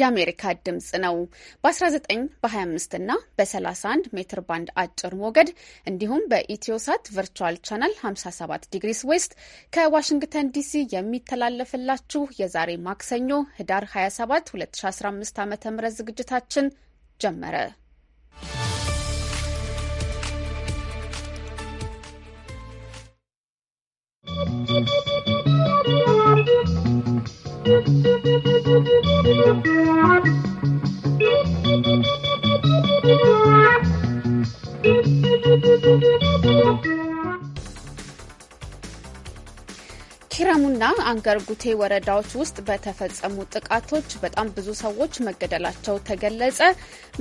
የአሜሪካ ድምጽ ነው። በ19 በ25 እና በ31 ሜትር ባንድ አጭር ሞገድ እንዲሁም በኢትዮሳት ቨርቹዋል ቻናል 57 ዲግሪስ ዌስት ከዋሽንግተን ዲሲ የሚተላለፍላችሁ የዛሬ ማክሰኞ ህዳር 27 2015 ዓ ም ዝግጅታችን ጀመረ። ¶¶ Thank you. ኪረሙና አንገር ጉቴ ወረዳዎች ውስጥ በተፈጸሙ ጥቃቶች በጣም ብዙ ሰዎች መገደላቸው ተገለጸ።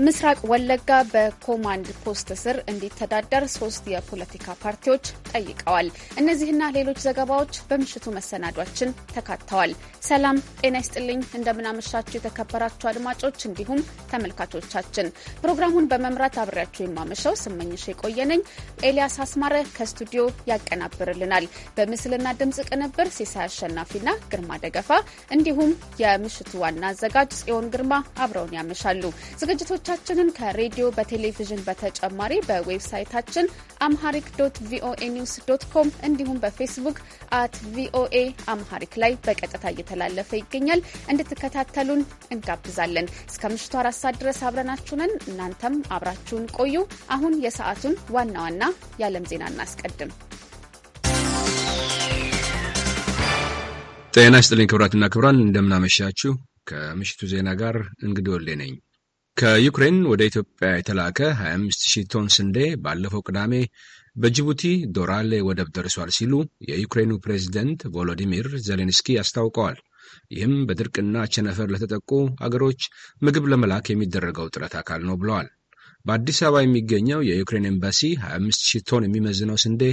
ምስራቅ ወለጋ በኮማንድ ፖስት ስር እንዲተዳደር ሶስት የፖለቲካ ፓርቲዎች ጠይቀዋል። እነዚህና ሌሎች ዘገባዎች በምሽቱ መሰናዷችን ተካተዋል። ሰላም ጤና ይስጥልኝ። እንደምናመሻችሁ የተከበራችሁ አድማጮች እንዲሁም ተመልካቾቻችን ፕሮግራሙን በመምራት አብሬያችሁ የማመሸው ስመኝሽ የቆየነኝ። ኤልያስ አስማረ ከስቱዲዮ ያቀናብርልናል። በምስልና ድምጽ ቅንብር ነበር። ሲሳይ አሸናፊና ግርማ ደገፋ እንዲሁም የምሽቱ ዋና አዘጋጅ ጽዮን ግርማ አብረውን ያመሻሉ። ዝግጅቶቻችንን ከሬዲዮ በቴሌቪዥን በተጨማሪ በዌብሳይታችን አምሃሪክ ዶት ቪኦኤ ኒውስ ዶት ኮም እንዲሁም በፌስቡክ አት ቪኦኤ አምሃሪክ ላይ በቀጥታ እየተላለፈ ይገኛል። እንድትከታተሉን እንጋብዛለን። እስከ ምሽቱ አራት ሰዓት ድረስ አብረናችሁ እናንተም አብራችሁን ቆዩ። አሁን የሰዓቱን ዋና ዋና የዓለም ዜና እናስቀድም። ጤና ይስጥልኝ ክብራትና ክብራን፣ እንደምናመሻችሁ። ከምሽቱ ዜና ጋር እንግዲህ ወሌ ነኝ። ከዩክሬን ወደ ኢትዮጵያ የተላከ 25 ቶን ስንዴ ባለፈው ቅዳሜ በጅቡቲ ዶራሌ ወደብ ደርሷል ሲሉ የዩክሬኑ ፕሬዚደንት ቮሎዲሚር ዜሌንስኪ አስታውቀዋል። ይህም በድርቅና ቸነፈር ለተጠቁ አገሮች ምግብ ለመላክ የሚደረገው ጥረት አካል ነው ብለዋል። በአዲስ አበባ የሚገኘው የዩክሬን ኤምባሲ 25 ሺህ ቶን የሚመዝነው ስንዴ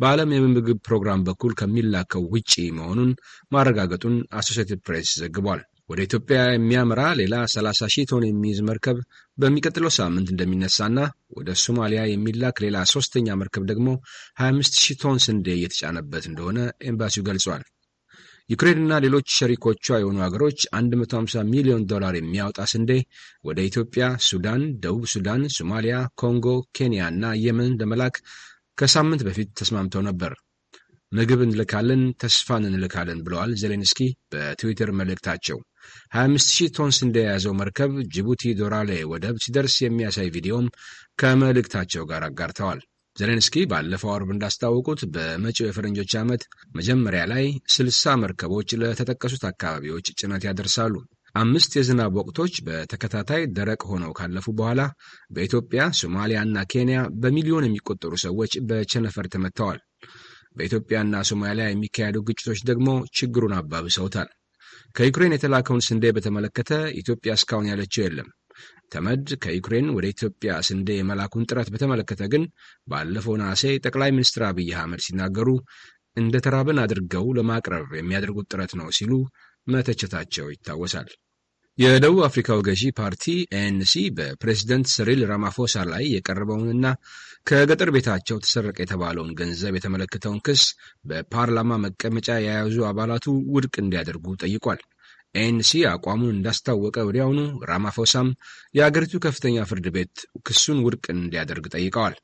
በዓለም የምግብ ፕሮግራም በኩል ከሚላከው ውጪ መሆኑን ማረጋገጡን አሶሴትድ ፕሬስ ዘግቧል። ወደ ኢትዮጵያ የሚያመራ ሌላ 30 ሺህ ቶን የሚይዝ መርከብ በሚቀጥለው ሳምንት እንደሚነሳና ወደ ሶማሊያ የሚላክ ሌላ ሶስተኛ መርከብ ደግሞ 25 ሺህ ቶን ስንዴ እየተጫነበት እንደሆነ ኤምባሲው ገልጿል። ዩክሬንና ሌሎች ሸሪኮቿ የሆኑ ሀገሮች 150 ሚሊዮን ዶላር የሚያወጣ ስንዴ ወደ ኢትዮጵያ፣ ሱዳን፣ ደቡብ ሱዳን፣ ሶማሊያ፣ ኮንጎ፣ ኬንያ እና የመን ለመላክ ከሳምንት በፊት ተስማምተው ነበር። ምግብ እንልካለን፣ ተስፋን እንልካለን ብለዋል ዜሌንስኪ በትዊተር መልእክታቸው። 25,000 ቶን ስንዴ የያዘው መርከብ ጅቡቲ ዶራሌ ወደብ ሲደርስ የሚያሳይ ቪዲዮም ከመልእክታቸው ጋር አጋርተዋል። ዘሌንስኪ ባለፈው አርብ እንዳስታወቁት በመጪው የፈረንጆች ዓመት መጀመሪያ ላይ ስልሳ መርከቦች ለተጠቀሱት አካባቢዎች ጭነት ያደርሳሉ። አምስት የዝናብ ወቅቶች በተከታታይ ደረቅ ሆነው ካለፉ በኋላ በኢትዮጵያ ሶማሊያ እና ኬንያ በሚሊዮን የሚቆጠሩ ሰዎች በቸነፈር ተመትተዋል። በኢትዮጵያና ሶማሊያ የሚካሄዱ ግጭቶች ደግሞ ችግሩን አባብሰውታል። ከዩክሬን የተላከውን ስንዴ በተመለከተ ኢትዮጵያ እስካሁን ያለችው የለም። ተመድ ከዩክሬን ወደ ኢትዮጵያ ስንዴ የመላኩን ጥረት በተመለከተ ግን ባለፈው ነሐሴ ጠቅላይ ሚኒስትር አብይ አህመድ ሲናገሩ እንደ ተራብን አድርገው ለማቅረብ የሚያደርጉት ጥረት ነው ሲሉ መተቸታቸው ይታወሳል። የደቡብ አፍሪካው ገዢ ፓርቲ ኤንሲ በፕሬዝደንት ስሪል ራማፎሳ ላይ የቀረበውንና ከገጠር ቤታቸው ተሰረቀ የተባለውን ገንዘብ የተመለከተውን ክስ በፓርላማ መቀመጫ የያዙ አባላቱ ውድቅ እንዲያደርጉ ጠይቋል። ኤንሲ አቋሙን እንዳስታወቀ ወዲያውኑ ራማፎሳም የአገሪቱ ከፍተኛ ፍርድ ቤት ክሱን ውድቅ እንዲያደርግ ጠይቀዋል።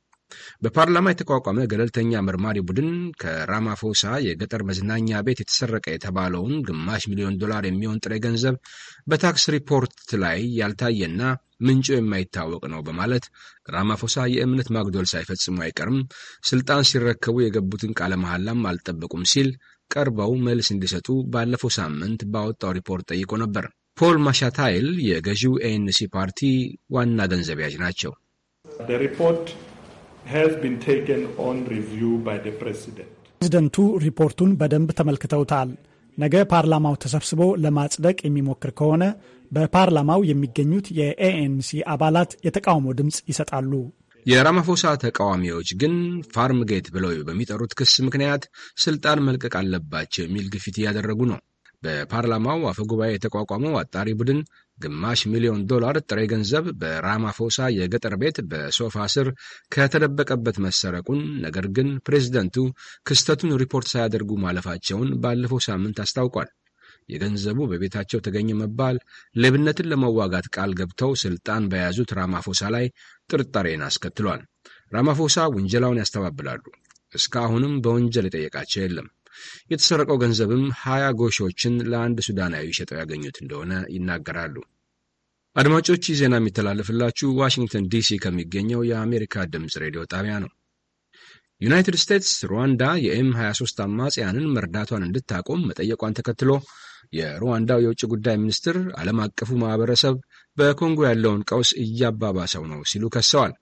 በፓርላማ የተቋቋመ ገለልተኛ መርማሪ ቡድን ከራማፎሳ የገጠር መዝናኛ ቤት የተሰረቀ የተባለውን ግማሽ ሚሊዮን ዶላር የሚሆን ጥሬ ገንዘብ በታክስ ሪፖርት ላይ ያልታየና ምንጩ የማይታወቅ ነው በማለት ራማፎሳ የእምነት ማጉደል ሳይፈጽሙ አይቀርም፣ ስልጣን ሲረከቡ የገቡትን ቃለ መሐላም አልጠበቁም ሲል ቀርበው መልስ እንዲሰጡ ባለፈው ሳምንት ባወጣው ሪፖርት ጠይቆ ነበር። ፖል ማሻታይል የገዢው ኤንሲ ፓርቲ ዋና ገንዘብ ያዥ ናቸው። ፕሬዚደንቱ ሪፖርቱን በደንብ ተመልክተውታል። ነገ ፓርላማው ተሰብስቦ ለማጽደቅ የሚሞክር ከሆነ በፓርላማው የሚገኙት የኤኤንሲ አባላት የተቃውሞ ድምፅ ይሰጣሉ። የራማፎሳ ተቃዋሚዎች ግን ፋርምጌት ብለው በሚጠሩት ክስ ምክንያት ስልጣን መልቀቅ አለባቸው የሚል ግፊት እያደረጉ ነው። በፓርላማው አፈጉባኤ የተቋቋመው አጣሪ ቡድን ግማሽ ሚሊዮን ዶላር ጥሬ ገንዘብ በራማፎሳ የገጠር ቤት በሶፋ ስር ከተደበቀበት መሰረቁን፣ ነገር ግን ፕሬዚደንቱ ክስተቱን ሪፖርት ሳያደርጉ ማለፋቸውን ባለፈው ሳምንት አስታውቋል። የገንዘቡ በቤታቸው ተገኘ መባል ሌብነትን ለመዋጋት ቃል ገብተው ስልጣን በያዙት ራማፎሳ ላይ ጥርጣሬን አስከትሏል። ራማፎሳ ውንጀላውን ያስተባብላሉ። እስካሁንም በወንጀል የጠየቃቸው የለም። የተሰረቀው ገንዘብም ሀያ ጎሾችን ለአንድ ሱዳናዊ ሸጠው ያገኙት እንደሆነ ይናገራሉ። አድማጮች ይህ ዜና የሚተላለፍላችሁ ዋሽንግተን ዲሲ ከሚገኘው የአሜሪካ ድምፅ ሬዲዮ ጣቢያ ነው። ዩናይትድ ስቴትስ ሩዋንዳ የኤም 23 አማጽያንን መርዳቷን እንድታቆም መጠየቋን ተከትሎ የሩዋንዳው የውጭ ጉዳይ ሚኒስትር ዓለም አቀፉ ማህበረሰብ በኮንጎ ያለውን ቀውስ እያባባሰው ነው ሲሉ ከሰዋል።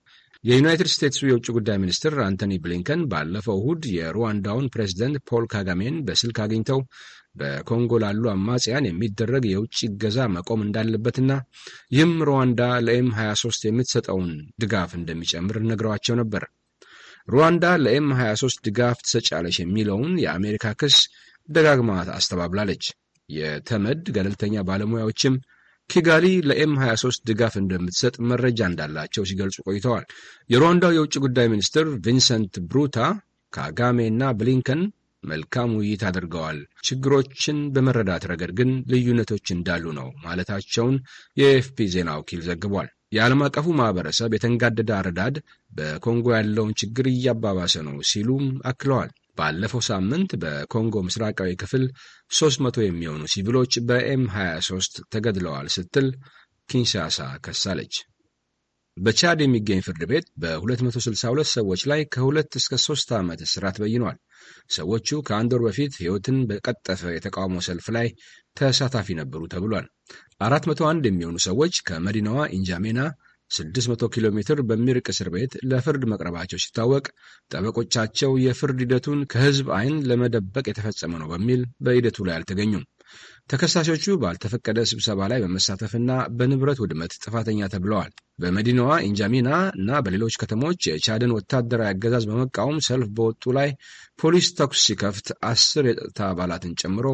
የዩናይትድ ስቴትሱ የውጭ ጉዳይ ሚኒስትር አንቶኒ ብሊንከን ባለፈው እሁድ የሩዋንዳውን ፕሬዚደንት ፖል ካጋሜን በስልክ አግኝተው በኮንጎ ላሉ አማጽያን የሚደረግ የውጭ እገዛ መቆም እንዳለበትና ይህም ሩዋንዳ ለኤም 23 የምትሰጠውን ድጋፍ እንደሚጨምር ነግረዋቸው ነበር። ሩዋንዳ ለኤም 23 ድጋፍ ትሰጫለች የሚለውን የአሜሪካ ክስ ደጋግማ አስተባብላለች። የተመድ ገለልተኛ ባለሙያዎችም ኪጋሊ ለኤም 23 ድጋፍ እንደምትሰጥ መረጃ እንዳላቸው ሲገልጹ ቆይተዋል። የሩዋንዳው የውጭ ጉዳይ ሚኒስትር ቪንሰንት ብሩታ ከአጋሜ እና ብሊንከን መልካም ውይይት አድርገዋል፣ ችግሮችን በመረዳት ረገድ ግን ልዩነቶች እንዳሉ ነው ማለታቸውን የኤፍፒ ዜና ወኪል ዘግቧል። የዓለም አቀፉ ማህበረሰብ የተንጋደደ አረዳድ በኮንጎ ያለውን ችግር እያባባሰ ነው ሲሉም አክለዋል። ባለፈው ሳምንት በኮንጎ ምስራቃዊ ክፍል 300 የሚሆኑ ሲቪሎች በኤም 23 ተገድለዋል ስትል ኪንሻሳ ከሳለች። በቻድ የሚገኝ ፍርድ ቤት በ262 ሰዎች ላይ ከ2 እስከ 3 ዓመት እስራት በይኗል። ሰዎቹ ከአንድ ወር በፊት ሕይወትን በቀጠፈ የተቃውሞ ሰልፍ ላይ ተሳታፊ ነበሩ ተብሏል። 401 የሚሆኑ ሰዎች ከመዲናዋ ኢንጃሜና 600 ኪሎ ሜትር በሚርቅ እስር ቤት ለፍርድ መቅረባቸው ሲታወቅ ጠበቆቻቸው የፍርድ ሂደቱን ከሕዝብ ዓይን ለመደበቅ የተፈጸመ ነው በሚል በሂደቱ ላይ አልተገኙም። ተከሳሾቹ ባልተፈቀደ ስብሰባ ላይ በመሳተፍና በንብረት ውድመት ጥፋተኛ ተብለዋል። በመዲናዋ ኢንጃሚና እና በሌሎች ከተሞች የቻድን ወታደራዊ አገዛዝ በመቃወም ሰልፍ በወጡ ላይ ፖሊስ ተኩስ ሲከፍት አስር የጸጥታ አባላትን ጨምሮ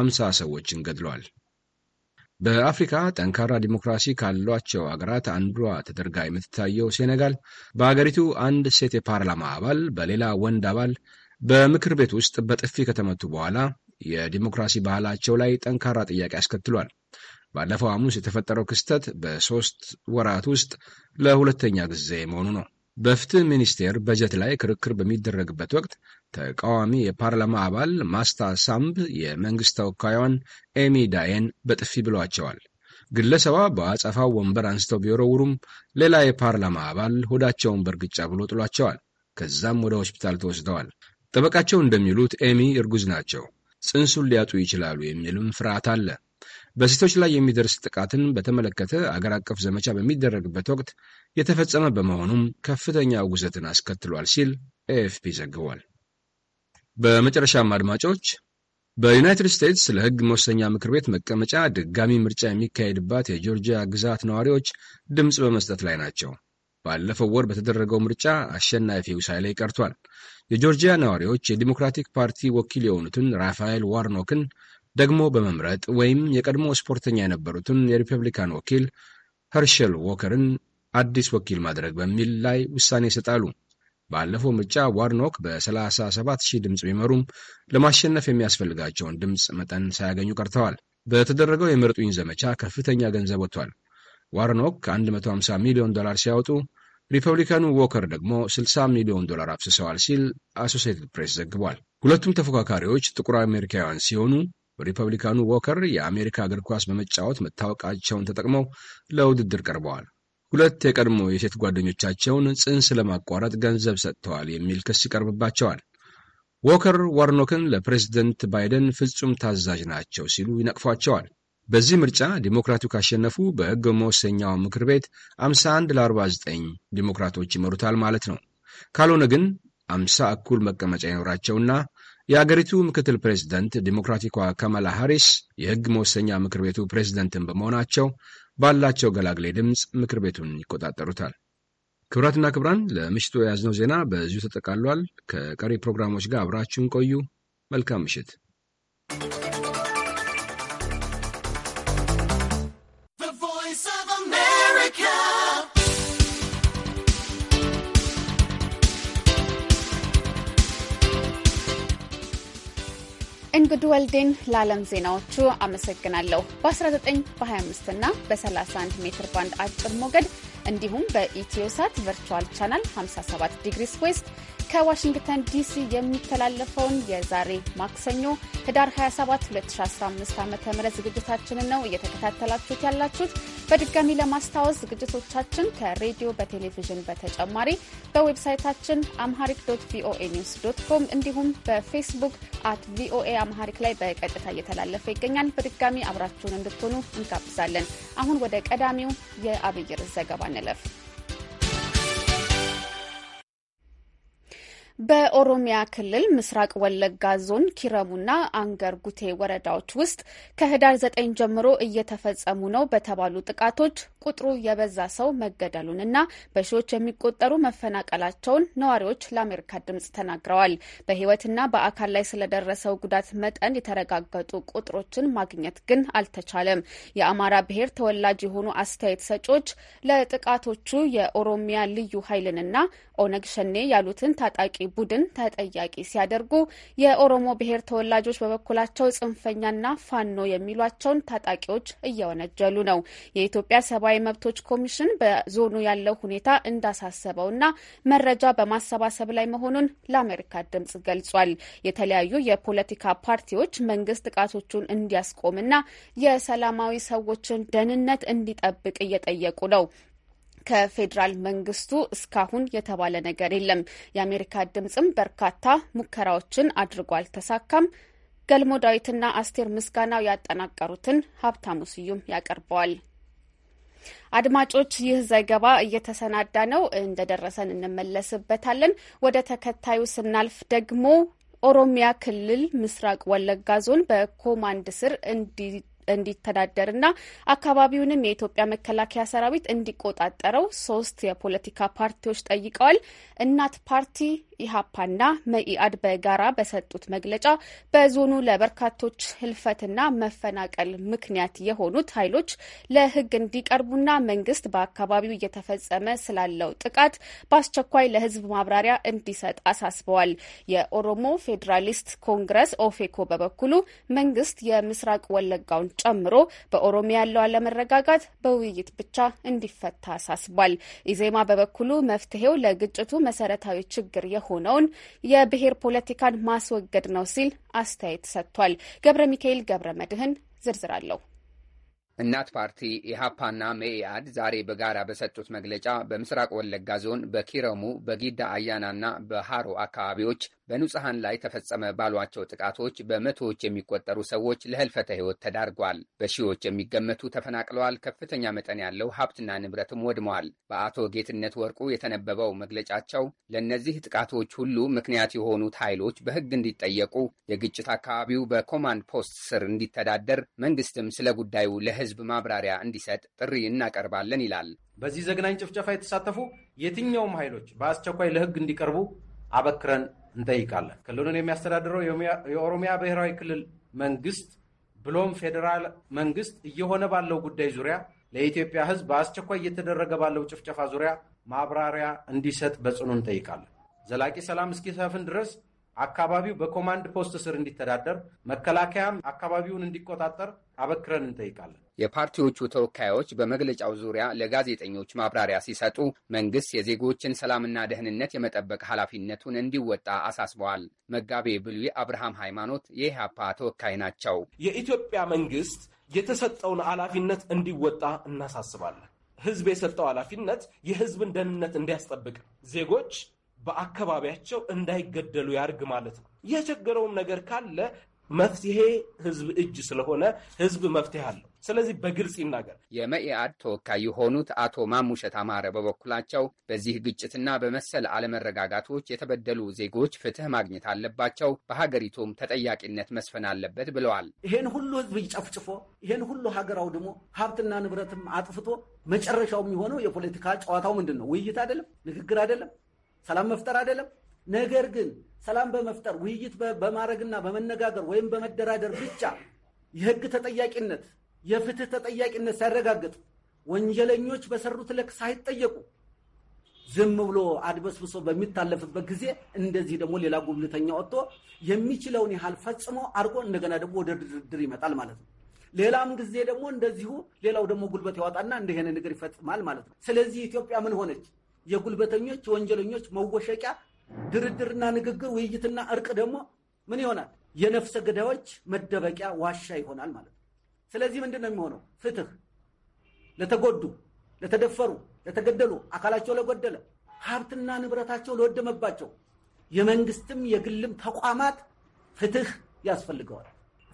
አምሳ ሰዎችን ገድለዋል። በአፍሪካ ጠንካራ ዲሞክራሲ ካሏቸው አገራት አንዷ ተደርጋ የምትታየው ሴኔጋል በአገሪቱ አንድ ሴት የፓርላማ አባል በሌላ ወንድ አባል በምክር ቤት ውስጥ በጥፊ ከተመቱ በኋላ የዲሞክራሲ ባህላቸው ላይ ጠንካራ ጥያቄ አስከትሏል። ባለፈው ሐሙስ የተፈጠረው ክስተት በሦስት ወራት ውስጥ ለሁለተኛ ጊዜ መሆኑ ነው። በፍትህ ሚኒስቴር በጀት ላይ ክርክር በሚደረግበት ወቅት ተቃዋሚ የፓርላማ አባል ማስታ ሳምብ የመንግሥት ተወካዩን ኤሚ ዳየን በጥፊ ብለዋቸዋል። ግለሰቧ በአጸፋው ወንበር አንስተው ቢወረውሩም ሌላ የፓርላማ አባል ሆዳቸውን በእርግጫ ብሎ ጥሏቸዋል። ከዛም ወደ ሆስፒታል ተወስደዋል። ጠበቃቸው እንደሚሉት ኤሚ እርጉዝ ናቸው፣ ጽንሱን ሊያጡ ይችላሉ የሚልም ፍርሃት አለ። በሴቶች ላይ የሚደርስ ጥቃትን በተመለከተ አገር አቀፍ ዘመቻ በሚደረግበት ወቅት የተፈጸመ በመሆኑም ከፍተኛ ውግዘትን አስከትሏል ሲል ኤኤፍፒ ዘግቧል። በመጨረሻም አድማጮች በዩናይትድ ስቴትስ ለሕግ መወሰኛ ምክር ቤት መቀመጫ ድጋሚ ምርጫ የሚካሄድባት የጆርጂያ ግዛት ነዋሪዎች ድምፅ በመስጠት ላይ ናቸው። ባለፈው ወር በተደረገው ምርጫ አሸናፊው ሳይለይ ቀርቷል። የጆርጂያ ነዋሪዎች የዲሞክራቲክ ፓርቲ ወኪል የሆኑትን ራፋኤል ዋርኖክን ደግሞ በመምረጥ ወይም የቀድሞ ስፖርተኛ የነበሩትን የሪፐብሊካን ወኪል ኸርሸል ዎከርን አዲስ ወኪል ማድረግ በሚል ላይ ውሳኔ ይሰጣሉ። ባለፈው ምርጫ ዋርኖክ በ37 ሺህ ድምፅ ቢመሩም ለማሸነፍ የሚያስፈልጋቸውን ድምፅ መጠን ሳያገኙ ቀርተዋል። በተደረገው የምረጡኝ ዘመቻ ከፍተኛ ገንዘብ ወጥቷል። ዋርኖክ ከ150 ሚሊዮን ዶላር ሲያወጡ ሪፐብሊካኑ ዎከር ደግሞ 60 ሚሊዮን ዶላር አፍስሰዋል ሲል አሶሴትድ ፕሬስ ዘግቧል። ሁለቱም ተፎካካሪዎች ጥቁር አሜሪካውያን ሲሆኑ ሪፐብሊካኑ ዎከር የአሜሪካ እግር ኳስ በመጫወት መታወቃቸውን ተጠቅመው ለውድድር ቀርበዋል። ሁለት የቀድሞ የሴት ጓደኞቻቸውን ጽንስ ለማቋረጥ ገንዘብ ሰጥተዋል የሚል ክስ ይቀርብባቸዋል። ዎከር ዋርኖክን ለፕሬዝደንት ባይደን ፍጹም ታዛዥ ናቸው ሲሉ ይነቅፏቸዋል። በዚህ ምርጫ ዲሞክራቱ ካሸነፉ በሕግ መወሰኛው ምክር ቤት 51 ለ49 ዲሞክራቶች ይመሩታል ማለት ነው። ካልሆነ ግን 50 እኩል መቀመጫ ይኖራቸውና የአገሪቱ ምክትል ፕሬዝደንት ዲሞክራቲኳ ካማላ ሃሪስ የሕግ መወሰኛ ምክር ቤቱ ፕሬዝደንትን በመሆናቸው ባላቸው ገላግሌ ድምፅ ምክር ቤቱን ይቆጣጠሩታል። ክብራትና ክብራን ለምሽቱ የያዝነው ዜና በዚሁ ተጠቃሏል። ከቀሪ ፕሮግራሞች ጋር አብራችሁን ቆዩ። መልካም ምሽት። እንግዱ ወልዴን ለዓለም ዜናዎቹ አመሰግናለሁ። በ19 በ25 እና በ31 ሜትር ባንድ አጭር ሞገድ እንዲሁም በኢትዮሳት ቨርቹዋል ቻናል 57 ዲግሪስ ዌስት ከዋሽንግተን ዲሲ የሚተላለፈውን የዛሬ ማክሰኞ ህዳር 27 2015 ዓ ም ዝግጅታችንን ነው እየተከታተላችሁት ያላችሁት። በድጋሚ ለማስታወስ ዝግጅቶቻችን ከሬዲዮ በቴሌቪዥን በተጨማሪ በዌብሳይታችን አምሃሪክ ዶት ቪኦኤ ኒውስ ዶት ኮም እንዲሁም በፌስቡክ አት ቪኦኤ አምሃሪክ ላይ በቀጥታ እየተላለፈ ይገኛል። በድጋሚ አብራችሁን እንድትሆኑ እንጋብዛለን። አሁን ወደ ቀዳሚው የአብይር ዘገባ እንለፍ። በኦሮሚያ ክልል ምስራቅ ወለጋ ዞን ኪረሙና አንገር ጉቴ ወረዳዎች ውስጥ ከህዳር ዘጠኝ ጀምሮ እየተፈጸሙ ነው በተባሉ ጥቃቶች ቁጥሩ የበዛ ሰው መገደሉንና በሺዎች የሚቆጠሩ መፈናቀላቸውን ነዋሪዎች ለአሜሪካ ድምጽ ተናግረዋል። በህይወትና በአካል ላይ ስለደረሰው ጉዳት መጠን የተረጋገጡ ቁጥሮችን ማግኘት ግን አልተቻለም። የአማራ ብሔር ተወላጅ የሆኑ አስተያየት ሰጪዎች ለጥቃቶቹ የኦሮሚያ ልዩ ኃይልንና ኦነግ ሸኔ ያሉትን ታጣቂ ቡድን ተጠያቂ ሲያደርጉ የኦሮሞ ብሔር ተወላጆች በበኩላቸው ጽንፈኛና ፋኖ የሚሏቸውን ታጣቂዎች እየወነጀሉ ነው። የኢትዮጵያ ሰብአዊ መብቶች ኮሚሽን በዞኑ ያለው ሁኔታ እንዳሳሰበውና መረጃ በማሰባሰብ ላይ መሆኑን ለአሜሪካ ድምጽ ገልጿል። የተለያዩ የፖለቲካ ፓርቲዎች መንግስት ጥቃቶቹን እንዲያስቆምና የሰላማዊ ሰዎችን ደህንነት እንዲጠብቅ እየጠየቁ ነው። ከፌዴራል መንግስቱ እስካሁን የተባለ ነገር የለም። የአሜሪካ ድምፅም በርካታ ሙከራዎችን አድርጎ አልተሳካም። ገልሞ ዳዊትና አስቴር ምስጋናው ያጠናቀሩትን ሀብታሙ ስዩም ያቀርበዋል። አድማጮች ይህ ዘገባ እየተሰናዳ ነው፣ እንደደረሰን እንመለስበታለን። ወደ ተከታዩ ስናልፍ ደግሞ ኦሮሚያ ክልል ምስራቅ ወለጋ ዞን በኮማንድ ስር እንዲ እንዲተዳደርና አካባቢውንም የኢትዮጵያ መከላከያ ሰራዊት እንዲቆጣጠረው ሶስት የፖለቲካ ፓርቲዎች ጠይቀዋል። እናት ፓርቲ ኢሃፓና መኢአድ በጋራ በሰጡት መግለጫ በዞኑ ለበርካቶች ህልፈትና መፈናቀል ምክንያት የሆኑት ኃይሎች ለህግ እንዲቀርቡና መንግስት በአካባቢው እየተፈጸመ ስላለው ጥቃት በአስቸኳይ ለህዝብ ማብራሪያ እንዲሰጥ አሳስበዋል። የኦሮሞ ፌዴራሊስት ኮንግረስ ኦፌኮ በበኩሉ መንግስት የምስራቅ ወለጋውን ጨምሮ በኦሮሚያ ያለው አለመረጋጋት በውይይት ብቻ እንዲፈታ አሳስቧል። ኢዜማ በበኩሉ መፍትሄው ለግጭቱ መሰረታዊ ችግር የሆ የሆነውን የብሔር ፖለቲካን ማስወገድ ነው ሲል አስተያየት ሰጥቷል። ገብረ ሚካኤል ገብረ መድህን ዝርዝር አለው። እናት ፓርቲ ኢሃፓና መኢአድ ዛሬ በጋራ በሰጡት መግለጫ በምስራቅ ወለጋ ዞን በኪረሙ በጊዳ አያናና በሃሮ አካባቢዎች በንጹሐን ላይ ተፈጸመ ባሏቸው ጥቃቶች በመቶዎች የሚቆጠሩ ሰዎች ለህልፈተ ህይወት ተዳርጓል። በሺዎች የሚገመቱ ተፈናቅለዋል። ከፍተኛ መጠን ያለው ሀብትና ንብረትም ወድመዋል። በአቶ ጌትነት ወርቁ የተነበበው መግለጫቸው ለእነዚህ ጥቃቶች ሁሉ ምክንያት የሆኑት ኃይሎች በህግ እንዲጠየቁ፣ የግጭት አካባቢው በኮማንድ ፖስት ስር እንዲተዳደር፣ መንግስትም ስለ ጉዳዩ ለህዝብ ማብራሪያ እንዲሰጥ ጥሪ እናቀርባለን ይላል። በዚህ ዘግናኝ ጭፍጨፋ የተሳተፉ የትኛውም ኃይሎች በአስቸኳይ ለህግ እንዲቀርቡ አበክረን እንጠይቃለን። ክልሉን የሚያስተዳድረው የኦሮሚያ ብሔራዊ ክልል መንግስት ብሎም ፌዴራል መንግስት እየሆነ ባለው ጉዳይ ዙሪያ ለኢትዮጵያ ሕዝብ በአስቸኳይ እየተደረገ ባለው ጭፍጨፋ ዙሪያ ማብራሪያ እንዲሰጥ በጽኑ እንጠይቃለን። ዘላቂ ሰላም እስኪሰፍን ድረስ አካባቢው በኮማንድ ፖስት ስር እንዲተዳደር፣ መከላከያም አካባቢውን እንዲቆጣጠር አበክረን እንጠይቃለን። የፓርቲዎቹ ተወካዮች በመግለጫው ዙሪያ ለጋዜጠኞች ማብራሪያ ሲሰጡ መንግስት የዜጎችን ሰላምና ደህንነት የመጠበቅ ኃላፊነቱን እንዲወጣ አሳስበዋል። መጋቤ ብሉይ አብርሃም ሃይማኖት የኢህአፓ ተወካይ ናቸው። የኢትዮጵያ መንግስት የተሰጠውን ኃላፊነት እንዲወጣ እናሳስባለን። ህዝብ የሰጠው ኃላፊነት የህዝብን ደህንነት እንዲያስጠብቅ ዜጎች በአካባቢያቸው እንዳይገደሉ ያርግ ማለት ነው። የቸገረውም ነገር ካለ መፍትሄ ህዝብ እጅ ስለሆነ ህዝብ መፍትሄ አለው። ስለዚህ በግልጽ ይናገር። የመኢአድ ተወካይ የሆኑት አቶ ማሙሸት አማረ በበኩላቸው በዚህ ግጭትና በመሰል አለመረጋጋቶች የተበደሉ ዜጎች ፍትህ ማግኘት አለባቸው፣ በሀገሪቱም ተጠያቂነት መስፈን አለበት ብለዋል። ይሄን ሁሉ ህዝብ ይጨፍጭፎ ይሄን ሁሉ ሀገር አውድሞ ሀብትና ንብረትም አጥፍቶ መጨረሻው የሚሆነው የፖለቲካ ጨዋታው ምንድን ነው? ውይይት አይደለም፣ ንግግር አይደለም፣ ሰላም መፍጠር አይደለም። ነገር ግን ሰላም በመፍጠር ውይይት በማድረግና በመነጋገር ወይም በመደራደር ብቻ የህግ ተጠያቂነት የፍትህ ተጠያቂነት ሳይረጋገጥ ወንጀለኞች በሰሩት ልክ ሳይጠየቁ ዝም ብሎ አድበስብሶ በሚታለፍበት ጊዜ እንደዚህ ደግሞ ሌላ ጉልበተኛ ወጥቶ የሚችለውን ያህል ፈጽሞ አድርጎ እንደገና ደግሞ ወደ ድርድር ይመጣል ማለት ነው። ሌላም ጊዜ ደግሞ እንደዚሁ ሌላው ደግሞ ጉልበት ያወጣና እንደሄነ ነገር ይፈጽማል ማለት ነው። ስለዚህ ኢትዮጵያ ምን ሆነች? የጉልበተኞች የወንጀለኞች መወሸቂያ፣ ድርድርና ንግግር ውይይትና እርቅ ደግሞ ምን ይሆናል? የነፍሰ ገዳዮች መደበቂያ ዋሻ ይሆናል ማለት ነው። ስለዚህ ምንድን ነው የሚሆነው? ፍትህ ለተጎዱ፣ ለተደፈሩ፣ ለተገደሉ፣ አካላቸው ለጎደለ፣ ሀብትና ንብረታቸው ለወደመባቸው የመንግስትም የግልም ተቋማት ፍትህ ያስፈልገዋል።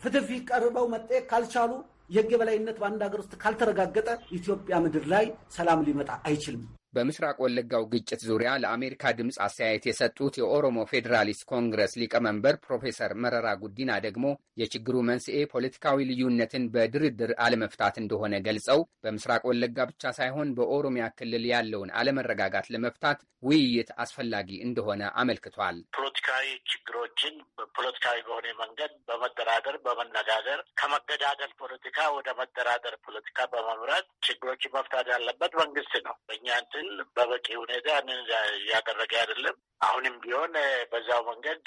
ፍትህ ቀርበው መጠየቅ ካልቻሉ የህግ የበላይነት በአንድ ሀገር ውስጥ ካልተረጋገጠ ኢትዮጵያ ምድር ላይ ሰላም ሊመጣ አይችልም። በምስራቅ ወለጋው ግጭት ዙሪያ ለአሜሪካ ድምፅ አስተያየት የሰጡት የኦሮሞ ፌዴራሊስት ኮንግረስ ሊቀመንበር ፕሮፌሰር መረራ ጉዲና ደግሞ የችግሩ መንስኤ ፖለቲካዊ ልዩነትን በድርድር አለመፍታት እንደሆነ ገልጸው በምስራቅ ወለጋ ብቻ ሳይሆን በኦሮሚያ ክልል ያለውን አለመረጋጋት ለመፍታት ውይይት አስፈላጊ እንደሆነ አመልክቷል። ፖለቲካዊ ችግሮችን ፖለቲካዊ በሆነ መንገድ በመደራደር በመነጋገር ከመገዳደል ፖለቲካ ወደ መደራደር ፖለቲካ በመምረት ችግሮችን መፍታት ያለበት መንግስት ነው። በእኛ ግን በበቂ ሁኔታ ያንን እያደረገ አይደለም። አሁንም ቢሆን በዛው መንገድ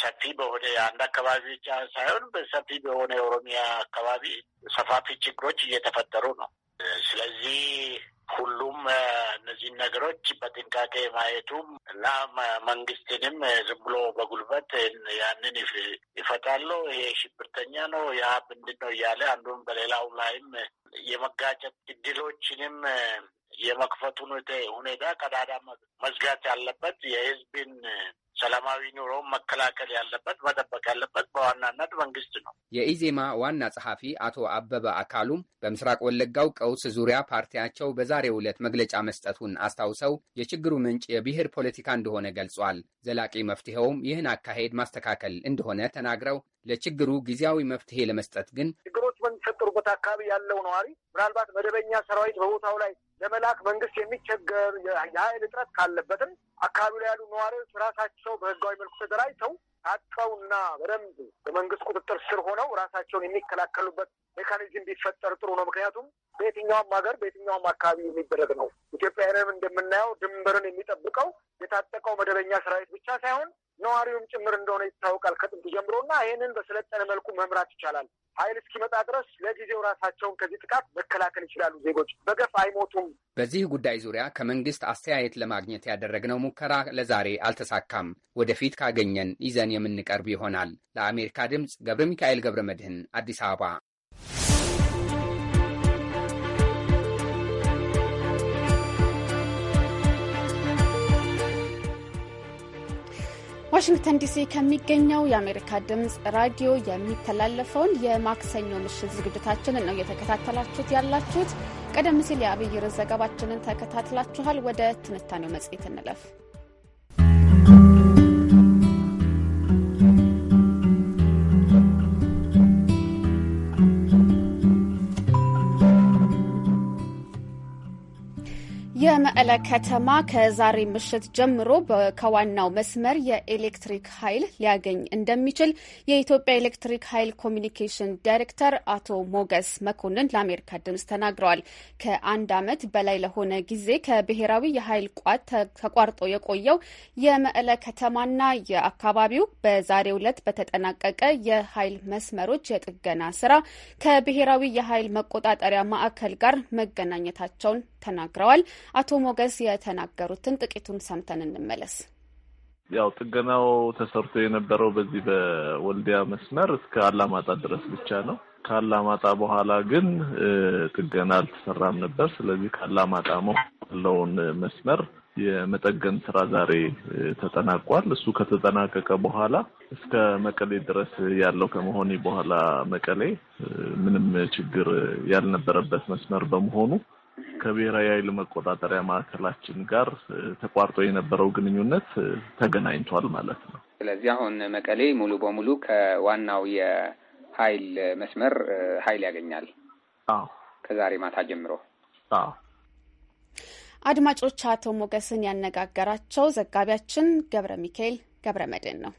ሰፊ በሆነ የአንድ አካባቢ ብቻ ሳይሆን በሰፊ በሆነ የኦሮሚያ አካባቢ ሰፋፊ ችግሮች እየተፈጠሩ ነው። ስለዚህ ሁሉም እነዚህን ነገሮች በጥንቃቄ ማየቱም እና መንግስትንም ዝም ብሎ በጉልበት ያንን ይፈታሉ፣ ይሄ ሽብርተኛ ነው፣ ያ ምንድን ነው እያለ አንዱም በሌላው ላይም የመጋጨት እድሎችንም የመክፈቱ ሁኔታ ቀዳዳ መዝጋት ያለበት የህዝብን ሰላማዊ ኑሮ መከላከል ያለበት መጠበቅ ያለበት በዋናነት መንግስት ነው። የኢዜማ ዋና ጸሐፊ አቶ አበበ አካሉም በምስራቅ ወለጋው ቀውስ ዙሪያ ፓርቲያቸው በዛሬው ዕለት መግለጫ መስጠቱን አስታውሰው የችግሩ ምንጭ የብሔር ፖለቲካ እንደሆነ ገልጿል። ዘላቂ መፍትሄውም ይህን አካሄድ ማስተካከል እንደሆነ ተናግረው ለችግሩ ጊዜያዊ መፍትሄ ለመስጠት ግን ችግሮች በሚፈጠሩበት አካባቢ ያለው ነዋሪ ምናልባት መደበኛ ሰራዊት በቦታው ላይ ለመላክ መንግስት የሚቸገር የኃይል እጥረት ካለበትም አካባቢ ላይ ያሉ ነዋሪዎች ራሳቸው በህጋዊ መልኩ ተደራጅተው ታጥቀውና በደንብ በመንግስት ቁጥጥር ስር ሆነው ራሳቸውን የሚከላከሉበት ሜካኒዝም ቢፈጠር ጥሩ ነው። ምክንያቱም በየትኛውም ሀገር በየትኛውም አካባቢ የሚደረግ ነው። ኢትዮጵያውያንም እንደምናየው ድንበርን የሚጠብቀው የታጠቀው መደበኛ ሰራዊት ብቻ ሳይሆን ነዋሪውም ጭምር እንደሆነ ይታወቃል ከጥንት ጀምሮ እና ይህንን በሰለጠነ መልኩ መምራት ይቻላል። ኃይል እስኪመጣ ድረስ ለጊዜው ራሳቸውን ከዚህ ጥቃት መከላከል ይችላሉ። ዜጎች በገፍ አይሞቱም። በዚህ ጉዳይ ዙሪያ ከመንግስት አስተያየት ለማግኘት ያደረግነው ሙከራ ለዛሬ አልተሳካም። ወደፊት ካገኘን ይዘን የምንቀርብ ይሆናል። ለአሜሪካ ድምፅ ገብረ ሚካኤል ገብረ መድህን አዲስ አበባ። ዋሽንግተን ዲሲ ከሚገኘው የአሜሪካ ድምፅ ራዲዮ የሚተላለፈውን የማክሰኞ ምሽት ዝግጅታችንን ነው እየተከታተላችሁት ያላችሁት። ቀደም ሲል የአብይ ዘገባችንን ተከታትላችኋል። ወደ ትንታኔው መጽሔት እንለፍ። የመቀለ ከተማ ከዛሬ ምሽት ጀምሮ ከዋናው መስመር የኤሌክትሪክ ኃይል ሊያገኝ እንደሚችል የኢትዮጵያ ኤሌክትሪክ ኃይል ኮሚኒኬሽን ዳይሬክተር አቶ ሞገስ መኮንን ለአሜሪካ ድምጽ ተናግረዋል። ከአንድ ዓመት በላይ ለሆነ ጊዜ ከብሔራዊ የኃይል ቋት ተቋርጦ የቆየው የመቀለ ከተማና የአካባቢው በዛሬው ዕለት በተጠናቀቀ የኃይል መስመሮች የጥገና ስራ ከብሔራዊ የኃይል መቆጣጠሪያ ማዕከል ጋር መገናኘታቸውን ተናግረዋል። አቶ ሞገስ የተናገሩትን ጥቂቱን ሰምተን እንመለስ። ያው ጥገናው ተሰርቶ የነበረው በዚህ በወልዲያ መስመር እስከ አላማጣ ድረስ ብቻ ነው። ካላማጣ በኋላ ግን ጥገና አልተሰራም ነበር። ስለዚህ ካላማጣ ያለውን መስመር የመጠገን ስራ ዛሬ ተጠናቋል። እሱ ከተጠናቀቀ በኋላ እስከ መቀሌ ድረስ ያለው ከመሆኔ በኋላ መቀሌ ምንም ችግር ያልነበረበት መስመር በመሆኑ ከብሔራዊ ኃይል መቆጣጠሪያ ማዕከላችን ጋር ተቋርጦ የነበረው ግንኙነት ተገናኝቷል ማለት ነው። ስለዚህ አሁን መቀሌ ሙሉ በሙሉ ከዋናው የኃይል መስመር ኃይል ያገኛል። አዎ፣ ከዛሬ ማታ ጀምሮ። አዎ። አድማጮች፣ አቶ ሞገስን ያነጋገራቸው ዘጋቢያችን ገብረ ሚካኤል ገብረ መድን ነው።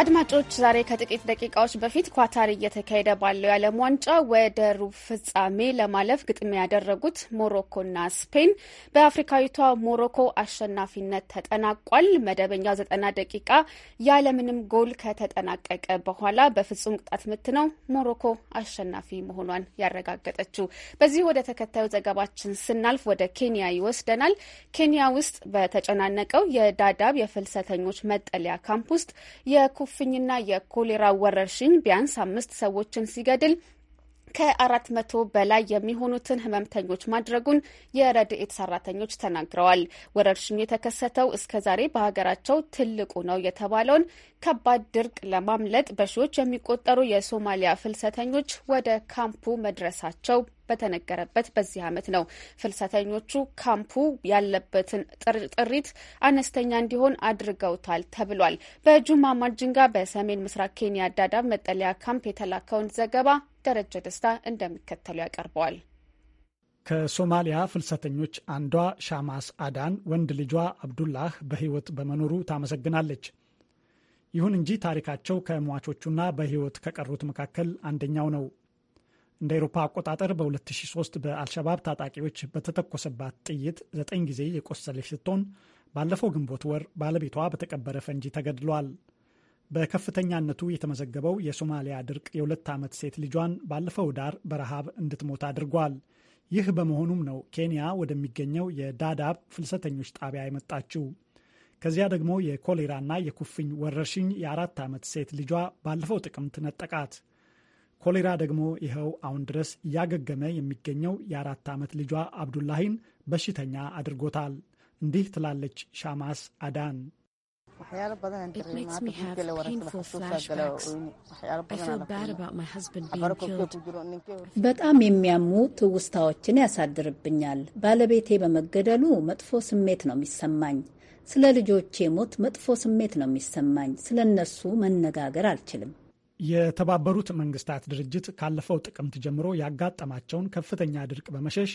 አድማጮች ዛሬ ከጥቂት ደቂቃዎች በፊት ኳታር እየተካሄደ ባለው የዓለም ዋንጫ ወደ ሩብ ፍጻሜ ለማለፍ ግጥሚያ ያደረጉት ሞሮኮና ስፔን በአፍሪካዊቷ ሞሮኮ አሸናፊነት ተጠናቋል። መደበኛው ዘጠና ደቂቃ ያለምንም ጎል ከተጠናቀቀ በኋላ በፍጹም ቅጣት ምት ነው ሞሮኮ አሸናፊ መሆኗን ያረጋገጠችው። በዚህ ወደ ተከታዩ ዘገባችን ስናልፍ ወደ ኬንያ ይወስደናል። ኬንያ ውስጥ በተጨናነቀው የዳዳብ የፍልሰተኞች መጠለያ ካምፕ ውስጥ የኩፍኝና የኮሌራ ወረርሽኝ ቢያንስ አምስት ሰዎችን ሲገድል ከአራት መቶ በላይ የሚሆኑትን ህመምተኞች ማድረጉን የረድኤት ሰራተኞች ተናግረዋል። ወረርሽኙ የተከሰተው እስከዛሬ በሀገራቸው ትልቁ ነው የተባለውን ከባድ ድርቅ ለማምለጥ በሺዎች የሚቆጠሩ የሶማሊያ ፍልሰተኞች ወደ ካምፑ መድረሳቸው በተነገረበት በዚህ ዓመት ነው። ፍልሰተኞቹ ካምፑ ያለበትን ጥሪት አነስተኛ እንዲሆን አድርገውታል ተብሏል። በጁማ ማጅንጋ በሰሜን ምስራቅ ኬንያ ዳዳብ መጠለያ ካምፕ የተላከውን ዘገባ ደረጀ ደስታ እንደሚከተሉ ያቀርበዋል። ከሶማሊያ ፍልሰተኞች አንዷ ሻማስ አዳን ወንድ ልጇ አብዱላህ በሕይወት በመኖሩ ታመሰግናለች። ይሁን እንጂ ታሪካቸው ከሟቾቹና በሕይወት ከቀሩት መካከል አንደኛው ነው። እንደ አውሮፓ አቆጣጠር በ2003 በአልሸባብ ታጣቂዎች በተተኮሰባት ጥይት ዘጠኝ ጊዜ የቆሰለች ስትሆን ባለፈው ግንቦት ወር ባለቤቷ በተቀበረ ፈንጂ ተገድሏል። በከፍተኛነቱ የተመዘገበው የሶማሊያ ድርቅ የሁለት ዓመት ሴት ልጇን ባለፈው ዳር በረሃብ እንድትሞት አድርጓል። ይህ በመሆኑም ነው ኬንያ ወደሚገኘው የዳዳብ ፍልሰተኞች ጣቢያ የመጣችው። ከዚያ ደግሞ የኮሌራና የኩፍኝ ወረርሽኝ የአራት ዓመት ሴት ልጇ ባለፈው ጥቅምት ነጠቃት። ኮሌራ ደግሞ ይኸው አሁን ድረስ እያገገመ የሚገኘው የአራት ዓመት ልጇ አብዱላሂን በሽተኛ አድርጎታል። እንዲህ ትላለች ሻማስ አዳን። በጣም የሚያሙ ትውስታዎችን ያሳድርብኛል። ባለቤቴ በመገደሉ መጥፎ ስሜት ነው የሚሰማኝ። ስለ ልጆቼ ሞት መጥፎ ስሜት ነው የሚሰማኝ። ስለ እነሱ መነጋገር አልችልም። የተባበሩት መንግስታት ድርጅት ካለፈው ጥቅምት ጀምሮ ያጋጠማቸውን ከፍተኛ ድርቅ በመሸሽ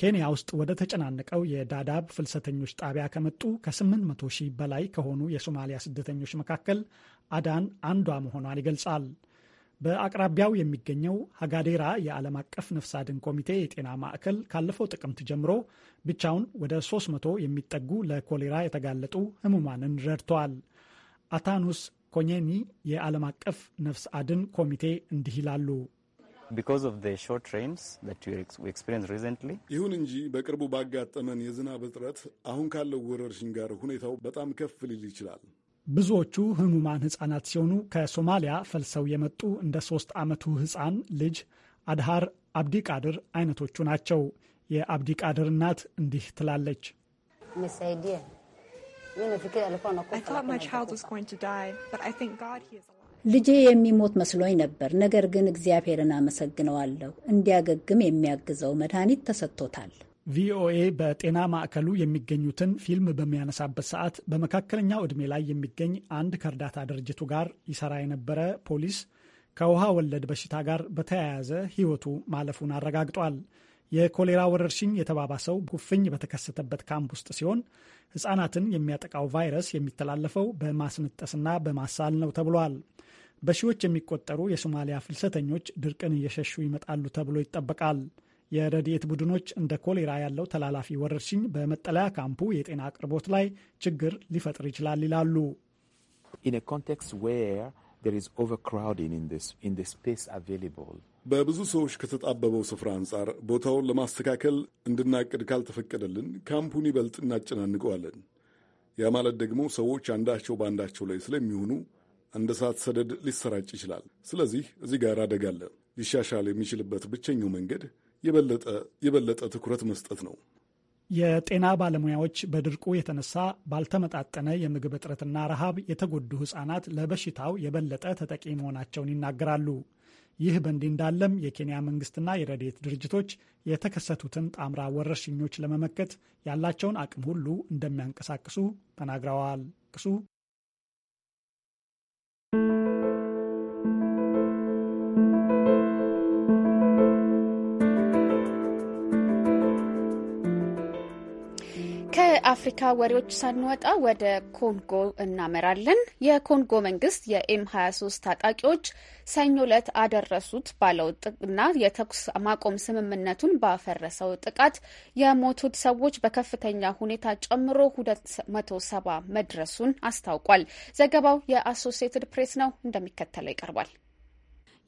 ኬንያ ውስጥ ወደ ተጨናነቀው የዳዳብ ፍልሰተኞች ጣቢያ ከመጡ ከ800 ሺህ በላይ ከሆኑ የሶማሊያ ስደተኞች መካከል አዳን አንዷ መሆኗን ይገልጻል። በአቅራቢያው የሚገኘው ሀጋዴራ የዓለም አቀፍ ነፍስ አድን ኮሚቴ የጤና ማዕከል ካለፈው ጥቅምት ጀምሮ ብቻውን ወደ 300 የሚጠጉ ለኮሌራ የተጋለጡ ህሙማንን ረድተዋል። አታኑስ ኮኘኒ የዓለም አቀፍ ነፍስ አድን ኮሚቴ እንዲህ ይላሉ። ይሁን እንጂ በቅርቡ ባጋጠመን የዝናብ እጥረት አሁን ካለው ወረርሽኝ ጋር ሁኔታው በጣም ከፍ ሊል ይችላል። ብዙዎቹ ህሙማን ህጻናት ሲሆኑ ከሶማሊያ ፈልሰው የመጡ እንደ ሶስት ዓመቱ ህፃን ልጅ አድሃር አብዲ ቃድር አይነቶቹ ናቸው። የአብዲ ቃድር እናት እንዲህ ትላለች። ልጄ የሚሞት መስሎኝ ነበር። ነገር ግን እግዚአብሔርን አመሰግነዋለሁ። እንዲያገግም የሚያግዘው መድኃኒት ተሰጥቶታል። ቪኦኤ በጤና ማዕከሉ የሚገኙትን ፊልም በሚያነሳበት ሰዓት በመካከለኛው ዕድሜ ላይ የሚገኝ አንድ ከእርዳታ ድርጅቱ ጋር ይሰራ የነበረ ፖሊስ ከውሃ ወለድ በሽታ ጋር በተያያዘ ሕይወቱ ማለፉን አረጋግጧል። የኮሌራ ወረርሽኝ የተባባሰው ኩፍኝ በተከሰተበት ካምፕ ውስጥ ሲሆን ህጻናትን የሚያጠቃው ቫይረስ የሚተላለፈው በማስነጠስና በማሳል ነው ተብሏል። በሺዎች የሚቆጠሩ የሶማሊያ ፍልሰተኞች ድርቅን እየሸሹ ይመጣሉ ተብሎ ይጠበቃል። የረድኤት ቡድኖች እንደ ኮሌራ ያለው ተላላፊ ወረርሽኝ በመጠለያ ካምፑ የጤና አቅርቦት ላይ ችግር ሊፈጥር ይችላል ይላሉ። ኢን ኮንቴክስት ዌር ዜር ኢዝ ኦቨርክራውዲንግ ኢን ዘ ስፔስ አቬይላብል በብዙ ሰዎች ከተጣበበው ስፍራ አንጻር ቦታውን ለማስተካከል እንድናቅድ ካልተፈቀደልን ካምፑን ይበልጥ እናጨናንቀዋለን። ያ ማለት ደግሞ ሰዎች አንዳቸው በአንዳቸው ላይ ስለሚሆኑ እንደ እሳት ሰደድ ሊሰራጭ ይችላል። ስለዚህ እዚህ ጋር አደጋለ ሊሻሻል የሚችልበት ብቸኛው መንገድ የበለጠ ትኩረት መስጠት ነው። የጤና ባለሙያዎች በድርቁ የተነሳ ባልተመጣጠነ የምግብ እጥረትና ረሃብ የተጎዱ ሕፃናት ለበሽታው የበለጠ ተጠቂ መሆናቸውን ይናገራሉ። ይህ በእንዲህ እንዳለም የኬንያ መንግስትና የረድኤት ድርጅቶች የተከሰቱትን ጣምራ ወረርሽኞች ለመመከት ያላቸውን አቅም ሁሉ እንደሚያንቀሳቅሱ ተናግረዋል። ቅሱ ከአፍሪካ ወሬዎች ሳንወጣ ወደ ኮንጎ እናመራለን። የኮንጎ መንግስት የኤም 23 ታጣቂዎች ሰኞ ዕለት አደረሱት ባለው እና የተኩስ ማቆም ስምምነቱን ባፈረሰው ጥቃት የሞቱት ሰዎች በከፍተኛ ሁኔታ ጨምሮ 270 መድረሱን አስታውቋል። ዘገባው የአሶሲየትድ ፕሬስ ነው፣ እንደሚከተለው ይቀርባል።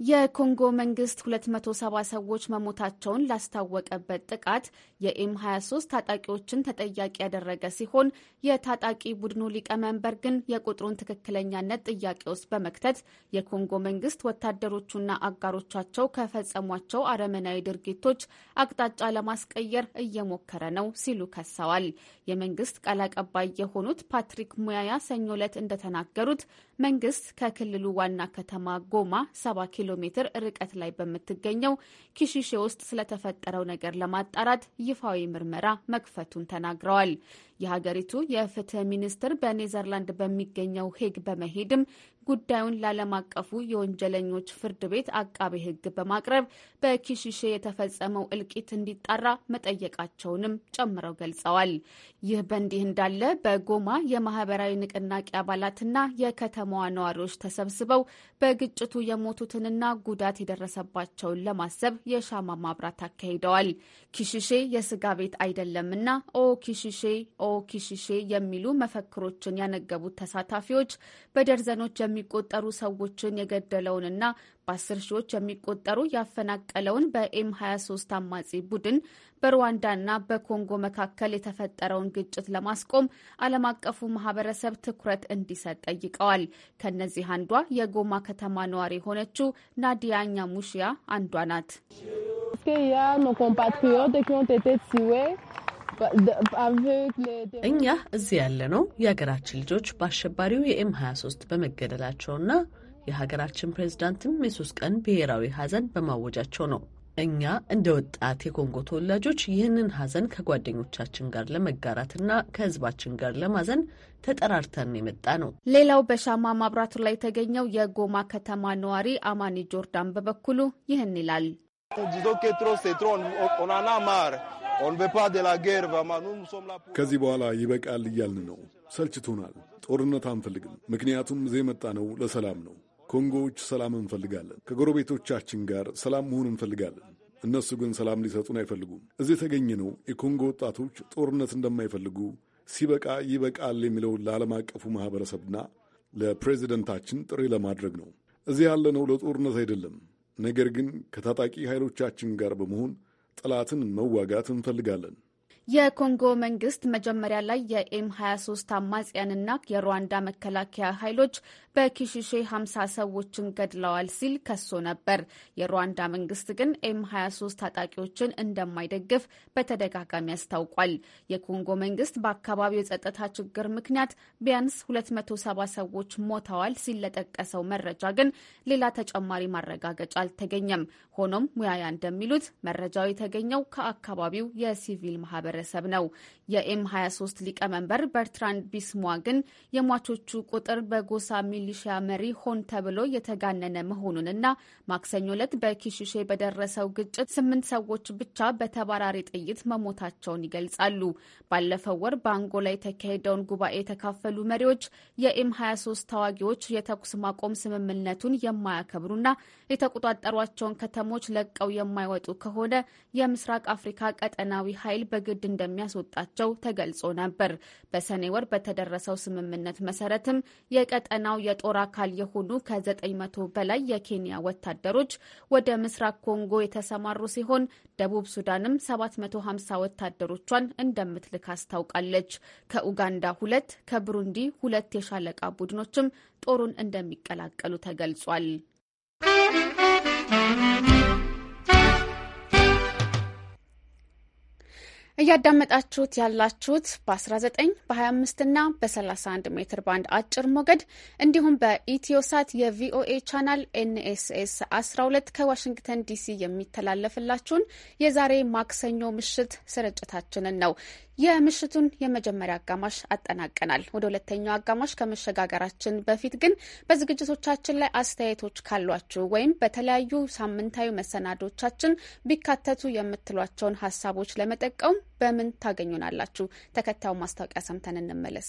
የኮንጎ መንግስት 270 ሰዎች መሞታቸውን ላስታወቀበት ጥቃት የኤም 23 ታጣቂዎችን ተጠያቂ ያደረገ ሲሆን የታጣቂ ቡድኑ ሊቀመንበር ግን የቁጥሩን ትክክለኛነት ጥያቄ ውስጥ በመክተት የኮንጎ መንግስት ወታደሮቹና አጋሮቻቸው ከፈጸሟቸው አረመናዊ ድርጊቶች አቅጣጫ ለማስቀየር እየሞከረ ነው ሲሉ ከሰዋል። የመንግስት ቃል አቀባይ የሆኑት ፓትሪክ ሙያያ ሰኞ ዕለት እንደተናገሩት መንግስት ከክልሉ ዋና ከተማ ጎማ 70 ኪሎ ኪሎ ሜትር ርቀት ላይ በምትገኘው ኪሺሼ ውስጥ ስለተፈጠረው ነገር ለማጣራት ይፋዊ ምርመራ መክፈቱን ተናግረዋል። የሀገሪቱ የፍትህ ሚኒስትር በኔዘርላንድ በሚገኘው ሄግ በመሄድም ጉዳዩን ለዓለም አቀፉ የወንጀለኞች ፍርድ ቤት አቃቤ ሕግ በማቅረብ በኪሺሼ የተፈጸመው እልቂት እንዲጣራ መጠየቃቸውንም ጨምረው ገልጸዋል። ይህ በእንዲህ እንዳለ በጎማ የማህበራዊ ንቅናቄ አባላትና የከተማዋ ነዋሪዎች ተሰብስበው በግጭቱ የሞቱትንና ጉዳት የደረሰባቸውን ለማሰብ የሻማ ማብራት አካሂደዋል። ኪሺሼ የስጋ ቤት አይደለምና ኦ ኪሺሼ ኦ ኪሺሼ የሚሉ መፈክሮችን ያነገቡት ተሳታፊዎች በደርዘኖች የሚቆጠሩ ሰዎችን የገደለውንና በአስር ሺዎች የሚቆጠሩ ያፈናቀለውን በኤም 23 አማጺ ቡድን በሩዋንዳና በኮንጎ መካከል የተፈጠረውን ግጭት ለማስቆም ዓለም አቀፉ ማህበረሰብ ትኩረት እንዲሰጥ ጠይቀዋል። ከእነዚህ አንዷ የጎማ ከተማ ነዋሪ የሆነችው ናዲያ ኛሙሺያ አንዷ ናት። እኛ እዚህ ያለነው የሀገራችን ልጆች በአሸባሪው የኤም 23 በመገደላቸውና የሀገራችን ፕሬዚዳንትም የሶስት ቀን ብሔራዊ ሀዘን በማወጃቸው ነው። እኛ እንደ ወጣት የኮንጎ ተወላጆች ይህንን ሀዘን ከጓደኞቻችን ጋር ለመጋራትና ከህዝባችን ጋር ለማዘን ተጠራርተን የመጣ ነው። ሌላው በሻማ ማብራቱ ላይ የተገኘው የጎማ ከተማ ነዋሪ አማኒ ጆርዳን በበኩሉ ይህን ይላል። ከዚህ በኋላ ይበቃል እያልን ነው። ሰልችቶናል። ጦርነት አንፈልግም። ምክንያቱም እዚህ የመጣነው ለሰላም ነው። ኮንጎዎች ሰላም እንፈልጋለን። ከጎረቤቶቻችን ጋር ሰላም መሆን እንፈልጋለን። እነሱ ግን ሰላም ሊሰጡን አይፈልጉም። እዚህ የተገኘነው የኮንጎ ወጣቶች ጦርነት እንደማይፈልጉ ሲበቃ ይበቃል የሚለውን ለዓለም አቀፉ ማኅበረሰብና ለፕሬዚደንታችን ጥሪ ለማድረግ ነው። እዚህ ያለነው ለጦርነት አይደለም። ነገር ግን ከታጣቂ ኃይሎቻችን ጋር በመሆን ጠላትን መዋጋት እንፈልጋለን። የኮንጎ መንግስት መጀመሪያ ላይ የኤም 23 አማጽያንና የሩዋንዳ መከላከያ ኃይሎች በኪሽሼ 50 ሰዎችን ገድለዋል ሲል ከሶ ነበር። የሩዋንዳ መንግስት ግን ኤም 23 ታጣቂዎችን እንደማይደግፍ በተደጋጋሚ አስታውቋል። የኮንጎ መንግስት በአካባቢው የጸጥታ ችግር ምክንያት ቢያንስ 270 ሰዎች ሞተዋል ሲል ለጠቀሰው መረጃ ግን ሌላ ተጨማሪ ማረጋገጫ አልተገኘም። ሆኖም ሙያያ እንደሚሉት መረጃው የተገኘው ከአካባቢው የሲቪል ማህበር ማህበረሰብ ነው። የኤም 23 ሊቀመንበር በርትራንድ ቢስሟ ግን የሟቾቹ ቁጥር በጎሳ ሚሊሺያ መሪ ሆን ተብሎ የተጋነነ መሆኑንና ማክሰኞ ዕለት በኪሽሼ በደረሰው ግጭት ስምንት ሰዎች ብቻ በተባራሪ ጥይት መሞታቸውን ይገልጻሉ። ባለፈው ወር በአንጎላ የተካሄደውን ጉባኤ የተካፈሉ መሪዎች የኤም 23 ተዋጊዎች የተኩስ ማቆም ስምምነቱን የማያከብሩና የተቆጣጠሯቸውን ከተሞች ለቀው የማይወጡ ከሆነ የምስራቅ አፍሪካ ቀጠናዊ ኃይል በግድ እንደሚያስወጣቸው መሆናቸው ተገልጾ ነበር። በሰኔ ወር በተደረሰው ስምምነት መሰረትም የቀጠናው የጦር አካል የሆኑ ከ900 በላይ የኬንያ ወታደሮች ወደ ምስራቅ ኮንጎ የተሰማሩ ሲሆን ደቡብ ሱዳንም 750 ወታደሮቿን እንደምትልክ አስታውቃለች። ከኡጋንዳ ሁለት፣ ከብሩንዲ ሁለት የሻለቃ ቡድኖችም ጦሩን እንደሚቀላቀሉ ተገልጿል። እያዳመጣችሁት ያላችሁት በ19 በ25 እና በ31 ሜትር ባንድ አጭር ሞገድ እንዲሁም በኢትዮሳት የቪኦኤ ቻናል ኤንኤስኤስ 12 ከዋሽንግተን ዲሲ የሚተላለፍላችሁን የዛሬ ማክሰኞ ምሽት ስርጭታችንን ነው። የምሽቱን የመጀመሪያ አጋማሽ አጠናቀናል። ወደ ሁለተኛው አጋማሽ ከመሸጋገራችን በፊት ግን በዝግጅቶቻችን ላይ አስተያየቶች ካሏችሁ ወይም በተለያዩ ሳምንታዊ መሰናዶቻችን ቢካተቱ የምትሏቸውን ሀሳቦች ለመጠቀም በምን ታገኙናላችሁ? ተከታዩን ማስታወቂያ ሰምተን እንመለስ።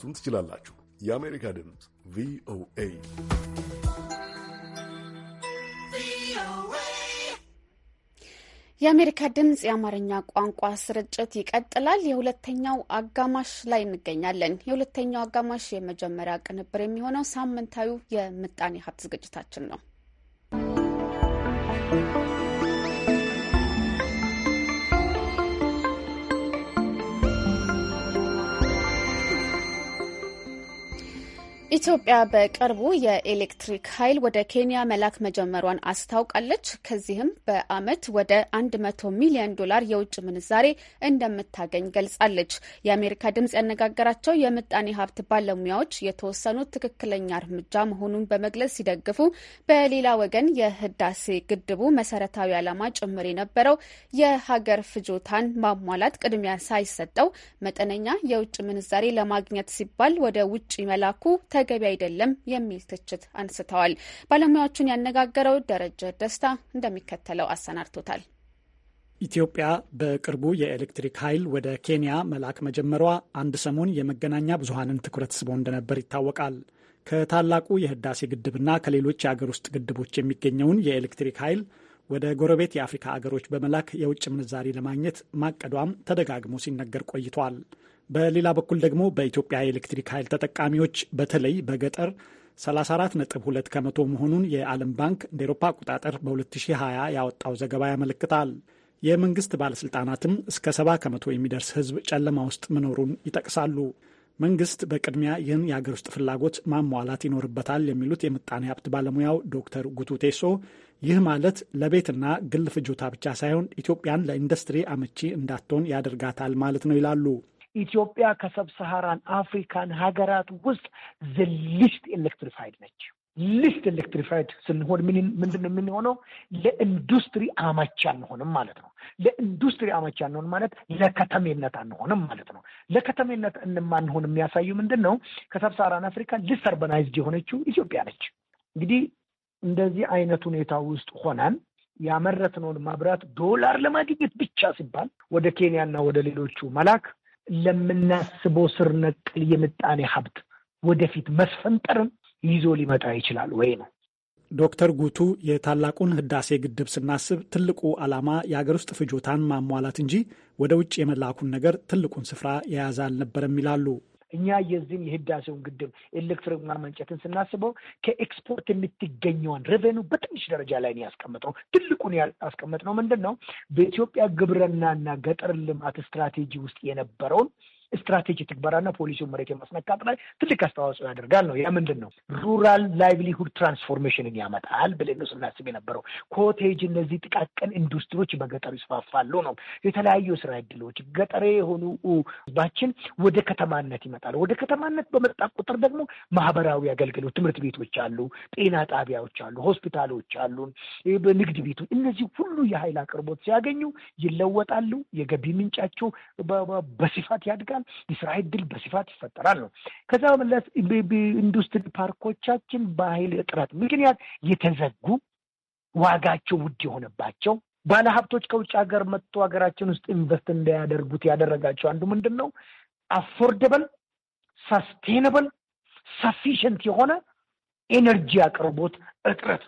ልትደርሱን ትችላላችሁ። የአሜሪካ ድምፅ ቪኦኤ የአሜሪካ ድምፅ የአማርኛ ቋንቋ ስርጭት ይቀጥላል። የሁለተኛው አጋማሽ ላይ እንገኛለን። የሁለተኛው አጋማሽ የመጀመሪያ ቅንብር የሚሆነው ሳምንታዊ የምጣኔ ሀብት ዝግጅታችን ነው። ኢትዮጵያ በቅርቡ የኤሌክትሪክ ኃይል ወደ ኬንያ መላክ መጀመሯን አስታውቃለች። ከዚህም በዓመት ወደ 100 ሚሊዮን ዶላር የውጭ ምንዛሬ እንደምታገኝ ገልጻለች። የአሜሪካ ድምፅ ያነጋገራቸው የምጣኔ ሀብት ባለሙያዎች የተወሰኑት ትክክለኛ እርምጃ መሆኑን በመግለጽ ሲደግፉ፣ በሌላ ወገን የህዳሴ ግድቡ መሰረታዊ ዓላማ ጭምር የነበረው የሀገር ፍጆታን ማሟላት ቅድሚያ ሳይሰጠው መጠነኛ የውጭ ምንዛሬ ለማግኘት ሲባል ወደ ውጭ መላኩ ተገቢ አይደለም የሚል ትችት አንስተዋል። ባለሙያዎቹን ያነጋገረው ደረጀ ደስታ እንደሚከተለው አሰናድቶታል። ኢትዮጵያ በቅርቡ የኤሌክትሪክ ኃይል ወደ ኬንያ መላክ መጀመሯ አንድ ሰሞን የመገናኛ ብዙሃንን ትኩረት ስቦ እንደነበር ይታወቃል። ከታላቁ የህዳሴ ግድብና ከሌሎች የአገር ውስጥ ግድቦች የሚገኘውን የኤሌክትሪክ ኃይል ወደ ጎረቤት የአፍሪካ አገሮች በመላክ የውጭ ምንዛሪ ለማግኘት ማቀዷም ተደጋግሞ ሲነገር ቆይቷል። በሌላ በኩል ደግሞ በኢትዮጵያ የኤሌክትሪክ ኃይል ተጠቃሚዎች በተለይ በገጠር 34.2 ከመቶ መሆኑን የዓለም ባንክ እንደ ኤሮፓ አቆጣጠር በ2020 ያወጣው ዘገባ ያመለክታል። የመንግስት ባለስልጣናትም እስከ 70 ከመቶ የሚደርስ ህዝብ ጨለማ ውስጥ መኖሩን ይጠቅሳሉ። መንግስት በቅድሚያ ይህን የአገር ውስጥ ፍላጎት ማሟላት ይኖርበታል የሚሉት የምጣኔ ሀብት ባለሙያው ዶክተር ጉቱ ቴሶ ይህ ማለት ለቤትና ግል ፍጆታ ብቻ ሳይሆን ኢትዮጵያን ለኢንዱስትሪ አመቺ እንዳትሆን ያደርጋታል ማለት ነው ይላሉ። ኢትዮጵያ ከሰብሰሃራን አፍሪካን ሀገራት ውስጥ ዝልሽት ኤሌክትሪፋይድ ነች። ልስት ኤሌክትሪፋይድ ስንሆን ምንድን ነው የምንሆነው? ለኢንዱስትሪ አማች አንሆንም ማለት ነው። ለኢንዱስትሪ አማች አንሆን ማለት ለከተሜነት አንሆንም ማለት ነው። ለከተሜነት እንማንሆን የሚያሳዩ ምንድን ነው? ከሰብሳራን አፍሪካ ልስት አርባናይዝድ የሆነችው ኢትዮጵያ ነች። እንግዲህ እንደዚህ አይነት ሁኔታ ውስጥ ሆናን ያመረትነውን መብራት ዶላር ለማግኘት ብቻ ሲባል ወደ ኬንያና ወደ ሌሎቹ መላክ ለምናስበው ስር ነቅል የምጣኔ ሀብት ወደፊት መስፈንጠርን ይዞ ሊመጣ ይችላል ወይ ነው። ዶክተር ጉቱ የታላቁን ህዳሴ ግድብ ስናስብ ትልቁ ዓላማ የአገር ውስጥ ፍጆታን ማሟላት እንጂ ወደ ውጭ የመላኩን ነገር ትልቁን ስፍራ የያዘ አልነበረም ይላሉ። እኛ የዚህም የህዳሴውን ግድብ ኤሌክትሪክ ማመንጨትን ስናስበው ከኤክስፖርት የምትገኘውን ሬቬኑ በትንሽ ደረጃ ላይ ያስቀመጥነው ትልቁን ያስቀመጥነው ምንድን ነው በኢትዮጵያ ግብርናና ገጠር ልማት ስትራቴጂ ውስጥ የነበረውን ስትራቴጂ ትግበራና ፖሊሲውን መሬት የማስነካት ላይ ትልቅ አስተዋጽኦ ያደርጋል ነው። ያ ምንድን ነው? ሩራል ላይቭሊሁድ ትራንስፎርሜሽንን ያመጣል ብለን ነው ስናስብ የነበረው። ኮቴጅ፣ እነዚህ ጥቃቅን ኢንዱስትሪዎች በገጠሩ ይስፋፋሉ ነው። የተለያዩ ስራ እድሎች ገጠሬ የሆኑ ህዝባችን ወደ ከተማነት ይመጣል። ወደ ከተማነት በመጣ ቁጥር ደግሞ ማህበራዊ አገልግሎት ትምህርት ቤቶች አሉ፣ ጤና ጣቢያዎች አሉ፣ ሆስፒታሎች አሉ፣ ንግድ ቤቶች። እነዚህ ሁሉ የሀይል አቅርቦት ሲያገኙ ይለወጣሉ። የገቢ ምንጫቸው በስፋት ያድጋል። ይፈጠራል፣ የስራ እድል በስፋት ይፈጠራል ነው። ከዛ በመለስ ኢንዱስትሪ ፓርኮቻችን በኃይል እጥረት ምክንያት የተዘጉ ዋጋቸው ውድ የሆነባቸው ባለሀብቶች ከውጭ ሀገር መጥቶ ሀገራችን ውስጥ ኢንቨስት እንዳያደርጉት ያደረጋቸው አንዱ ምንድን ነው? አፎርደብል ሰስቴናብል ሰፊሽንት የሆነ ኤነርጂ አቅርቦት እጥረት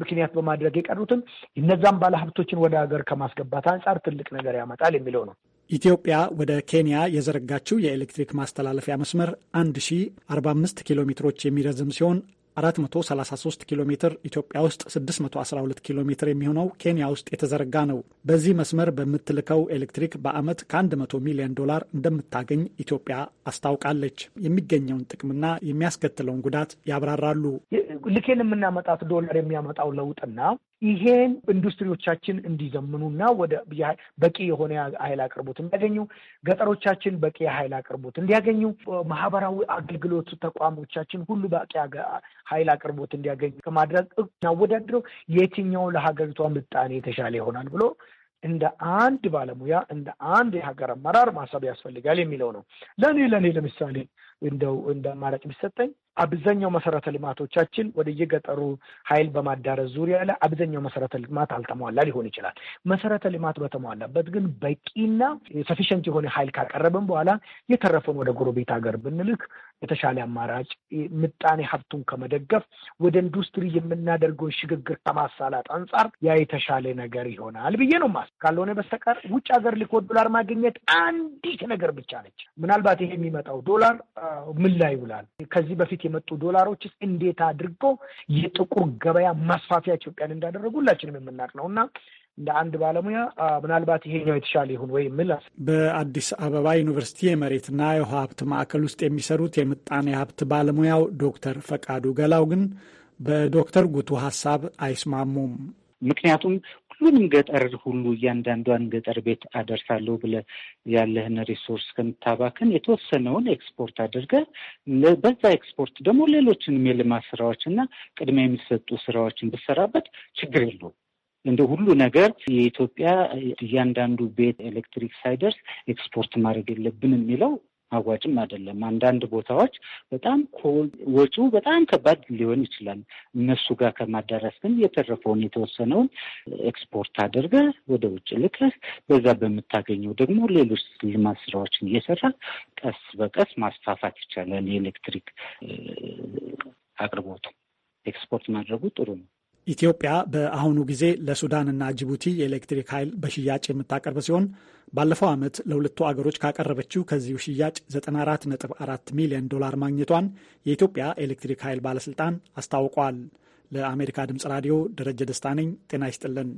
ምክንያት በማድረግ የቀሩትን እነዛም ባለሀብቶችን ወደ ሀገር ከማስገባት አንጻር ትልቅ ነገር ያመጣል የሚለው ነው። ኢትዮጵያ ወደ ኬንያ የዘረጋችው የኤሌክትሪክ ማስተላለፊያ መስመር 1045 ኪሎ ሜትሮች የሚረዝም ሲሆን 433 ኪሎ ሜትር ኢትዮጵያ ውስጥ፣ 612 ኪሎ ሜትር የሚሆነው ኬንያ ውስጥ የተዘረጋ ነው። በዚህ መስመር በምትልከው ኤሌክትሪክ በዓመት ከ100 ሚሊዮን ዶላር እንደምታገኝ ኢትዮጵያ አስታውቃለች። የሚገኘውን ጥቅምና የሚያስከትለውን ጉዳት ያብራራሉ። ልኬን የምናመጣት ዶላር የሚያመጣው ለውጥና ይሄን ኢንዱስትሪዎቻችን እንዲዘምኑና ወደ በቂ የሆነ ኃይል አቅርቦት እንዲያገኙ፣ ገጠሮቻችን በቂ የኃይል አቅርቦት እንዲያገኙ፣ ማህበራዊ አገልግሎት ተቋሞቻችን ሁሉ በቂ ኃይል አቅርቦት እንዲያገኙ ከማድረግ እናወዳድረው የትኛው ለሀገሪቷ ምጣኔ የተሻለ ይሆናል ብሎ እንደ አንድ ባለሙያ እንደ አንድ የሀገር አመራር ማሰብ ያስፈልጋል የሚለው ነው። ለእኔ ለእኔ ለምሳሌ እንደው እንደ አማራጭ ቢሰጠኝ አብዛኛው መሰረተ ልማቶቻችን ወደ የገጠሩ ኃይል በማዳረስ ዙሪያ ላይ አብዛኛው መሰረተ ልማት አልተሟላ ሊሆን ይችላል። መሰረተ ልማት በተሟላበት ግን በቂና ሰፊሸንት የሆነ ኃይል ካቀረብን በኋላ የተረፈውን ወደ ጎረቤት ሀገር ብንልክ የተሻለ አማራጭ ምጣኔ ሀብቱን ከመደገፍ ወደ ኢንዱስትሪ የምናደርገውን ሽግግር ከማሳላት አንጻር ያ የተሻለ ነገር ይሆናል ብዬ ነው ማስ ካልሆነ በስተቀር ውጭ ሀገር ልኮ ዶላር ማግኘት አንዲት ነገር ብቻ ነች። ምናልባት ይሄ የሚመጣው ዶላር ምን ላይ ይውላል? ከዚህ በፊት የመጡ ዶላሮችስ እንዴት አድርገው የጥቁር ገበያ ማስፋፊያ ኢትዮጵያን እንዳደረጉ ሁላችንም የምናውቅ ነው እና እንደ አንድ ባለሙያ ምናልባት ይሄኛው የተሻለ ይሁን ወይ ምል በአዲስ አበባ ዩኒቨርሲቲ የመሬትና የውሃ ሀብት ማዕከል ውስጥ የሚሰሩት የምጣኔ ሀብት ባለሙያው ዶክተር ፈቃዱ ገላው ግን በዶክተር ጉቱ ሀሳብ አይስማሙም። ምክንያቱም ሁሉንም ገጠር ሁሉ እያንዳንዷን ገጠር ቤት አደርሳለሁ ብለህ ያለህን ሪሶርስ ከምታባክን የተወሰነውን ኤክስፖርት አድርገህ በዛ ኤክስፖርት ደግሞ ሌሎችንም የልማት ስራዎች እና ቅድሚያ የሚሰጡ ስራዎችን ብትሰራበት ችግር የለውም። እንደ ሁሉ ነገር የኢትዮጵያ እያንዳንዱ ቤት ኤሌክትሪክ ሳይደርስ ኤክስፖርት ማድረግ የለብን የሚለው አዋጭም አይደለም። አንዳንድ ቦታዎች በጣም ወጪው በጣም ከባድ ሊሆን ይችላል። እነሱ ጋር ከማዳረስ ግን የተረፈውን የተወሰነውን ኤክስፖርት አድርገ ወደ ውጭ ልከህ በዛ በምታገኘው ደግሞ ሌሎች ልማት ስራዎችን እየሰራ ቀስ በቀስ ማስፋፋት ይቻላል። የኤሌክትሪክ አቅርቦቱ ኤክስፖርት ማድረጉ ጥሩ ነው። ኢትዮጵያ በአሁኑ ጊዜ ለሱዳንና ጅቡቲ የኤሌክትሪክ ኃይል በሽያጭ የምታቀርብ ሲሆን ባለፈው ዓመት ለሁለቱ አገሮች ካቀረበችው ከዚሁ ሽያጭ 94.4 ሚሊዮን ዶላር ማግኘቷን የኢትዮጵያ ኤሌክትሪክ ኃይል ባለስልጣን አስታውቋል። ለአሜሪካ ድምጽ ራዲዮ ደረጀ ደስታ ነኝ። ጤና ይስጥልን።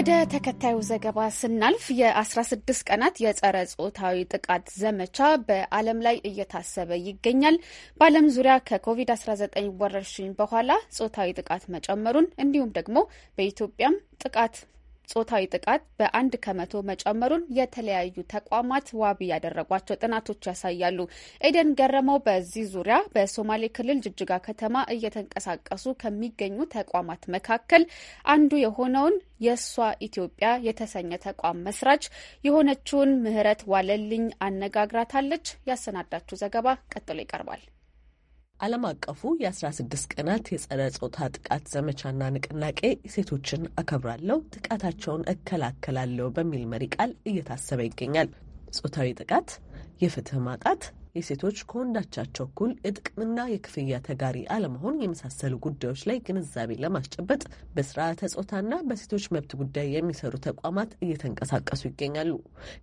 ወደ ተከታዩ ዘገባ ስናልፍ የ16 ቀናት የጸረ ጾታዊ ጥቃት ዘመቻ በዓለም ላይ እየታሰበ ይገኛል። በዓለም ዙሪያ ከኮቪድ-19 ወረርሽኝ በኋላ ጾታዊ ጥቃት መጨመሩን እንዲሁም ደግሞ በኢትዮጵያም ጥቃት ጾታዊ ጥቃት በአንድ ከመቶ መጨመሩን የተለያዩ ተቋማት ዋቢ ያደረጓቸው ጥናቶች ያሳያሉ። ኤደን ገረመው በዚህ ዙሪያ በሶማሌ ክልል ጅጅጋ ከተማ እየተንቀሳቀሱ ከሚገኙ ተቋማት መካከል አንዱ የሆነውን የእሷ ኢትዮጵያ የተሰኘ ተቋም መስራች የሆነችውን ምህረት ዋለልኝ አነጋግራታለች። ያሰናዳችው ዘገባ ቀጥሎ ይቀርባል። ዓለም አቀፉ የ16 ቀናት የጸረ ጾታ ጥቃት ዘመቻና ንቅናቄ ሴቶችን አከብራለሁ፣ ጥቃታቸውን እከላከላለሁ በሚል መሪ ቃል እየታሰበ ይገኛል። ጾታዊ ጥቃት፣ የፍትህ ማጣት፣ የሴቶች ከወንዳቻቸው እኩል የጥቅምና የክፍያ ተጋሪ አለመሆን የመሳሰሉ ጉዳዮች ላይ ግንዛቤ ለማስጨበጥ በስርዓተ ጾታና በሴቶች መብት ጉዳይ የሚሰሩ ተቋማት እየተንቀሳቀሱ ይገኛሉ።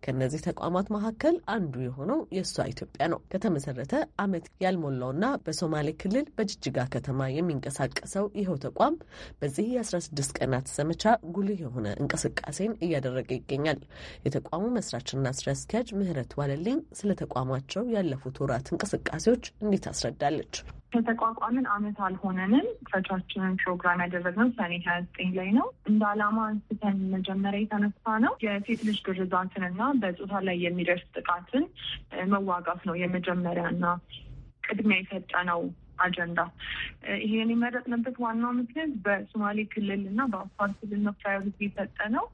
ከእነዚህ ተቋማት መካከል አንዱ የሆነው የእሷ ኢትዮጵያ ነው። ከተመሰረተ ዓመት ያልሞላውና በሶማሌ ክልል በጅጅጋ ከተማ የሚንቀሳቀሰው ይኸው ተቋም በዚህ የ16 ቀናት ዘመቻ ጉልህ የሆነ እንቅስቃሴን እያደረገ ይገኛል። የተቋሙ መስራችና ስራ አስኪያጅ ምህረት ዋለልኝ ስለ ተቋማቸው ያለ ያለፉት ወራት እንቅስቃሴዎች እንዴት አስረዳለች። ከተቋቋምን አመት አልሆነንም። ፈቻችንን ፕሮግራም ያደረግነው ሰኔ ሀያ ዘጠኝ ላይ ነው። እንደ አላማ አንስተን መጀመሪያ የተነሳ ነው የሴት ልጅ ግርዛትን እና በጾታ ላይ የሚደርስ ጥቃትን መዋጋት ነው የመጀመሪያና ቅድሚያ የሰጠነው አጀንዳ። ይሄን የመረጥንበት ዋናው ምክንያት በሶማሌ ክልል እና በአፋር ክልል ነው ፕራዮሪቲ የሰጠነው።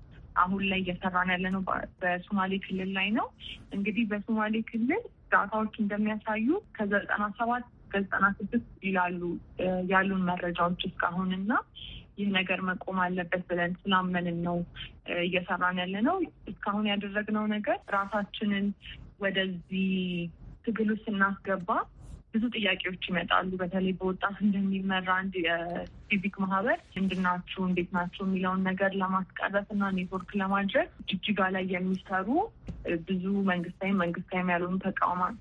አሁን ላይ እየሰራን ያለነው በሶማሌ ክልል ላይ ነው። እንግዲህ በሶማሌ ክልል ዳታዎች እንደሚያሳዩ ከዘጠና ሰባት ከዘጠና ስድስት ይላሉ ያሉን መረጃዎች እስካሁን እና ይህ ነገር መቆም አለበት ብለን ስላመንን ነው እየሰራን ያለ ነው። እስካሁን ያደረግነው ነገር ራሳችንን ወደዚህ ትግሉ ስናስገባ ብዙ ጥያቄዎች ይመጣሉ። በተለይ በወጣት እንደሚመራ አንድ የሲቪክ ማህበር ምንድናችሁ፣ እንዴት ናችሁ የሚለውን ነገር ለማስቀረት እና ኔትወርክ ለማድረግ ጅጅጋ ላይ የሚሰሩ ብዙ መንግስታዊ መንግስታዊም ያልሆኑ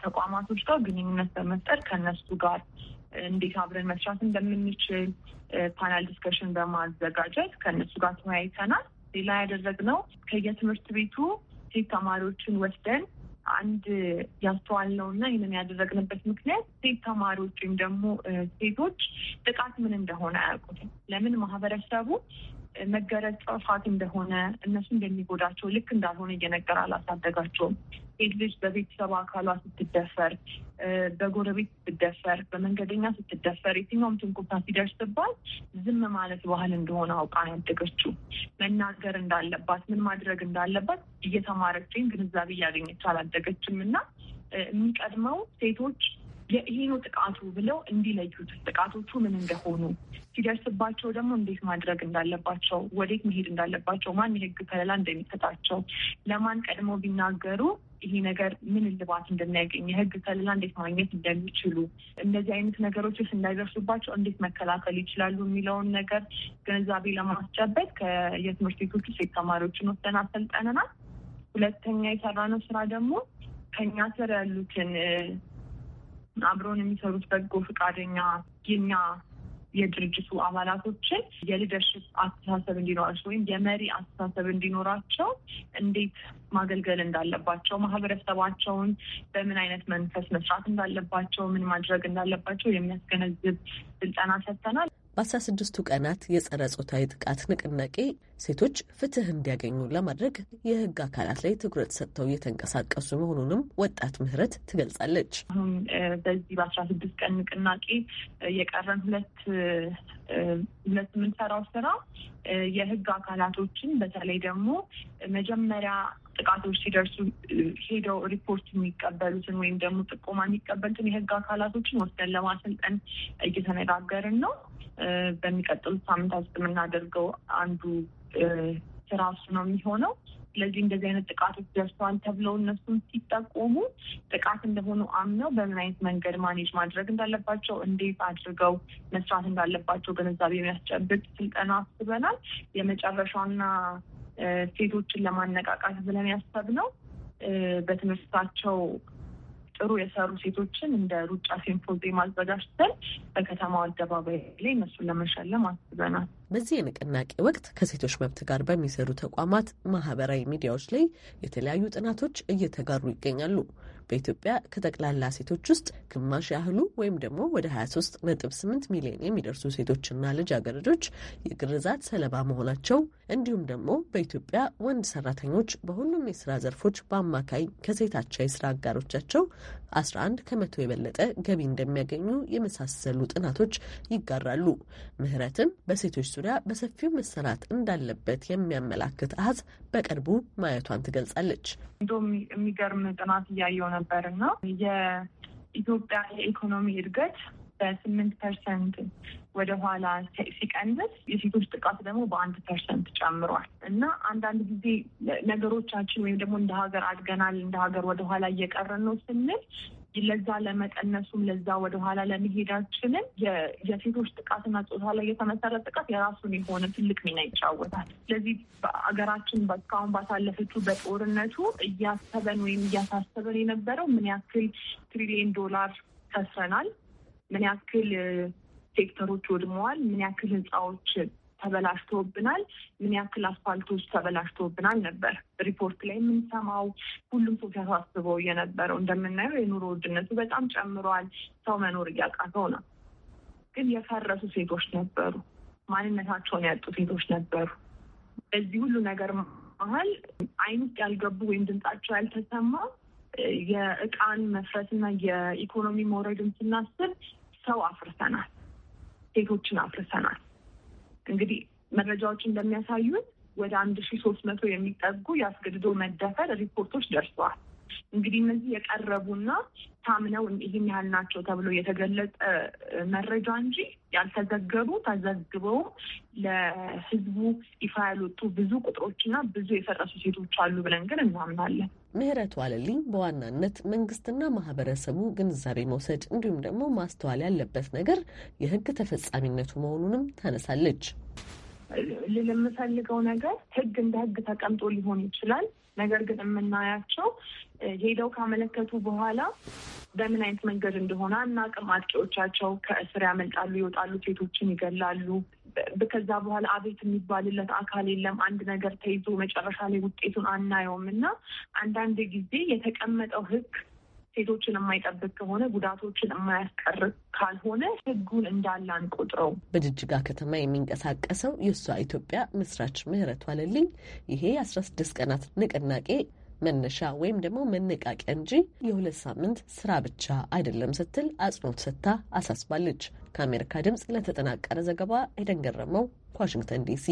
ተቋማቶች ጋር ግንኙነት በመፍጠር ከእነሱ ጋር እንዴት አብረን መስራት እንደምንችል ፓናል ዲስከሽን በማዘጋጀት ከእነሱ ጋር ተወያይተናል። ሌላ ያደረግነው ከየትምህርት ቤቱ ሴት ተማሪዎችን ወስደን አንድ ያስተዋልነውና ይህንን ያደረግንበት ምክንያት ሴት ተማሪዎች ወይም ደግሞ ሴቶች ጥቃት ምን እንደሆነ አያውቁትም። ለምን ማህበረሰቡ መገረዝ ጥፋት እንደሆነ እነሱ እንደሚጎዳቸው ልክ እንዳልሆነ እየነገር አላሳደጋቸውም። ሴት ልጅ በቤተሰብ አካሏ ስትደፈር፣ በጎረቤት ስትደፈር፣ በመንገደኛ ስትደፈር፣ የትኛውም ትንኮሳ ሲደርስባት ዝም ማለት ባህል እንደሆነ አውቃ ያደገችው መናገር እንዳለባት ምን ማድረግ እንዳለባት እየተማረች ግንዛቤ እያገኘች አላደገችም እና የሚቀድመው ሴቶች ይሄ ነው ጥቃቱ ብለው እንዲለዩት ጥቃቶቹ ምን እንደሆኑ ሲደርስባቸው ደግሞ እንዴት ማድረግ እንዳለባቸው፣ ወዴት መሄድ እንዳለባቸው፣ ማን የህግ ከለላ እንደሚሰጣቸው፣ ለማን ቀድመው ቢናገሩ ይሄ ነገር ምን እልባት እንደሚያገኝ፣ የህግ ከለላ እንዴት ማግኘት እንደሚችሉ፣ እንደዚህ አይነት ውስጥ እንዳይደርሱባቸው እንዴት መከላከል ይችላሉ የሚለውን ነገር ግንዛቤ ለማስጨበጥ ከየትምህርት ቤቶች ሴት ተማሪዎችን ወስደን አሰልጠንናል። ሁለተኛ የሰራነው ስራ ደግሞ ከኛ ስር ያሉትን አብረውን የሚሰሩት በጎ ፈቃደኛ የኛ የድርጅቱ አባላቶችን የሊደርሽፕ አስተሳሰብ እንዲኖራቸው ወይም የመሪ አስተሳሰብ እንዲኖራቸው እንዴት ማገልገል እንዳለባቸው፣ ማህበረሰባቸውን በምን አይነት መንፈስ መስራት እንዳለባቸው፣ ምን ማድረግ እንዳለባቸው የሚያስገነዝብ ስልጠና ሰጥተናል። በ16ቱ ቀናት የጸረ ጾታዊ ጥቃት ንቅናቄ ሴቶች ፍትህ እንዲያገኙ ለማድረግ የህግ አካላት ላይ ትኩረት ሰጥተው እየተንቀሳቀሱ መሆኑንም ወጣት ምህረት ትገልጻለች። አሁን በዚህ በአስራ ስድስት ቀን ንቅናቄ የቀረን ሁለት ሁለት የምንሰራው ስራ የህግ አካላቶችን በተለይ ደግሞ መጀመሪያ ጥቃቶች ሲደርሱ ሄደው ሪፖርት የሚቀበሉትን ወይም ደግሞ ጥቆማ የሚቀበሉትን የህግ አካላቶችን ወስደን ለማሰልጠን እየተነጋገርን ነው። በሚቀጥሉት ሳምንታት የምናደርገው አንዱ ስራ እሱ ነው የሚሆነው። ስለዚህ እንደዚህ አይነት ጥቃቶች ደርሰዋል ተብለው እነሱም ሲጠቆሙ ጥቃት እንደሆኑ አምነው በምን አይነት መንገድ ማኔጅ ማድረግ እንዳለባቸው፣ እንዴት አድርገው መስራት እንዳለባቸው ግንዛቤ የሚያስጨብጥ ስልጠና አስበናል። የመጨረሻና ሴቶችን ለማነቃቃት ብለን ያሰብነው በትምህርታቸው ጥሩ የሰሩ ሴቶችን እንደ ሩጫ ሲምፖዚየም አዘጋጅተን በከተማው አደባባይ ላይ እነሱን ለመሸለም አስበናል። በዚህ የንቅናቄ ወቅት ከሴቶች መብት ጋር በሚሰሩ ተቋማት ማህበራዊ ሚዲያዎች ላይ የተለያዩ ጥናቶች እየተጋሩ ይገኛሉ። በኢትዮጵያ ከጠቅላላ ሴቶች ውስጥ ግማሽ ያህሉ ወይም ደግሞ ወደ 23 ነጥብ 8 ሚሊዮን የሚደርሱ ሴቶችና ልጃገረዶች የግርዛት ሰለባ መሆናቸው እንዲሁም ደግሞ በኢትዮጵያ ወንድ ሰራተኞች በሁሉም የስራ ዘርፎች በአማካይ ከሴታቸው የስራ አጋሮቻቸው 11 ከመቶ የበለጠ ገቢ እንደሚያገኙ የመሳሰሉ ጥናቶች ይጋራሉ። ምህረትም በሴቶች ዙሪያ በሰፊው መሰራት እንዳለበት የሚያመላክት አሃዝ በቅርቡ ማየቷን ትገልጻለች። እንዲሁም የሚገርም ጥናት እያየሆነ ነበር እና የኢትዮጵያ የኢኮኖሚ እድገት በስምንት ፐርሰንት ወደኋላ ሲቀንስ የሴቶች ጥቃት ደግሞ በአንድ ፐርሰንት ጨምሯል እና አንዳንድ ጊዜ ነገሮቻችን ወይም ደግሞ እንደ ሀገር አድገናል፣ እንደ ሀገር ወደኋላ እየቀረን ነው ስንል ለዛ ለመቀነሱም ለዛ ወደኋላ ለመሄዳችንም የሴቶች ጥቃትና ጾታ ላይ የተመሰረ ጥቃት የራሱን የሆነ ትልቅ ሚና ይጫወታል። ስለዚህ በሀገራችን እስካሁን ባሳለፈችው በጦርነቱ እያሰበን ወይም እያሳሰበን የነበረው ምን ያክል ትሪሊየን ዶላር ከስረናል፣ ምን ያክል ሴክተሮች ወድመዋል፣ ምን ያክል ህንፃዎች ተበላሽቶብናል፣ ምን ያክል አስፋልቶች ተበላሽቶብናል ነበር ሪፖርት ላይ የምንሰማው። ሁሉም ሰው ሲያሳስበው የነበረው እንደምናየው የኑሮ ውድነቱ በጣም ጨምሯል። ሰው መኖር እያቃተው ነው። ግን የፈረሱ ሴቶች ነበሩ፣ ማንነታቸውን ያጡ ሴቶች ነበሩ። በዚህ ሁሉ ነገር መሀል አይን ውስጥ ያልገቡ ወይም ድምጻቸው ያልተሰማ የእቃን መፍረስና የኢኮኖሚ መውረድን ስናስብ ሰው አፍርሰናል፣ ሴቶችን አፍርሰናል። እንግዲህ መረጃዎች እንደሚያሳዩን ወደ አንድ ሺ ሶስት መቶ የሚጠጉ የአስገድዶ መደፈር ሪፖርቶች ደርሰዋል። እንግዲህ እነዚህ የቀረቡና ታምነው ይህን ያህል ናቸው ተብሎ የተገለጸ መረጃ እንጂ ያልተዘገቡ ተዘግበውም ለሕዝቡ ይፋ ያልወጡ ብዙ ቁጥሮችና ብዙ የፈረሱ ሴቶች አሉ ብለን ግን እናምናለን። ምህረቱ አለልኝ በዋናነት መንግስትና ማህበረሰቡ ግንዛቤ መውሰድ እንዲሁም ደግሞ ማስተዋል ያለበት ነገር የህግ ተፈጻሚነቱ መሆኑንም ታነሳለች። ልል የምፈልገው ነገር ህግ እንደ ህግ ተቀምጦ ሊሆን ይችላል ነገር ግን የምናያቸው ሄደው ካመለከቱ በኋላ በምን አይነት መንገድ እንደሆነ አናቅም። አጥቂዎቻቸው ከእስር ያመልጣሉ፣ ይወጣሉ፣ ሴቶችን ይገላሉ። ከዛ በኋላ አቤት የሚባልለት አካል የለም። አንድ ነገር ተይዞ መጨረሻ ላይ ውጤቱን አናየውም እና አንዳንድ ጊዜ የተቀመጠው ሕግ ሴቶችን የማይጠብቅ ከሆነ ጉዳቶችን የማያስቀር ካልሆነ ህጉን እንዳላን ቆጥረው። በጅጅጋ ከተማ የሚንቀሳቀሰው የእሷ ኢትዮጵያ መስራች ምህረት ዋለልኝ ይሄ የአስራ ስድስት ቀናት ንቅናቄ መነሻ ወይም ደግሞ መነቃቂያ እንጂ የሁለት ሳምንት ስራ ብቻ አይደለም ስትል አጽንኦት ሰጥታ አሳስባለች። ከአሜሪካ ድምፅ ለተጠናቀረ ዘገባ ኤደን ገረመው ከዋሽንግተን ዲሲ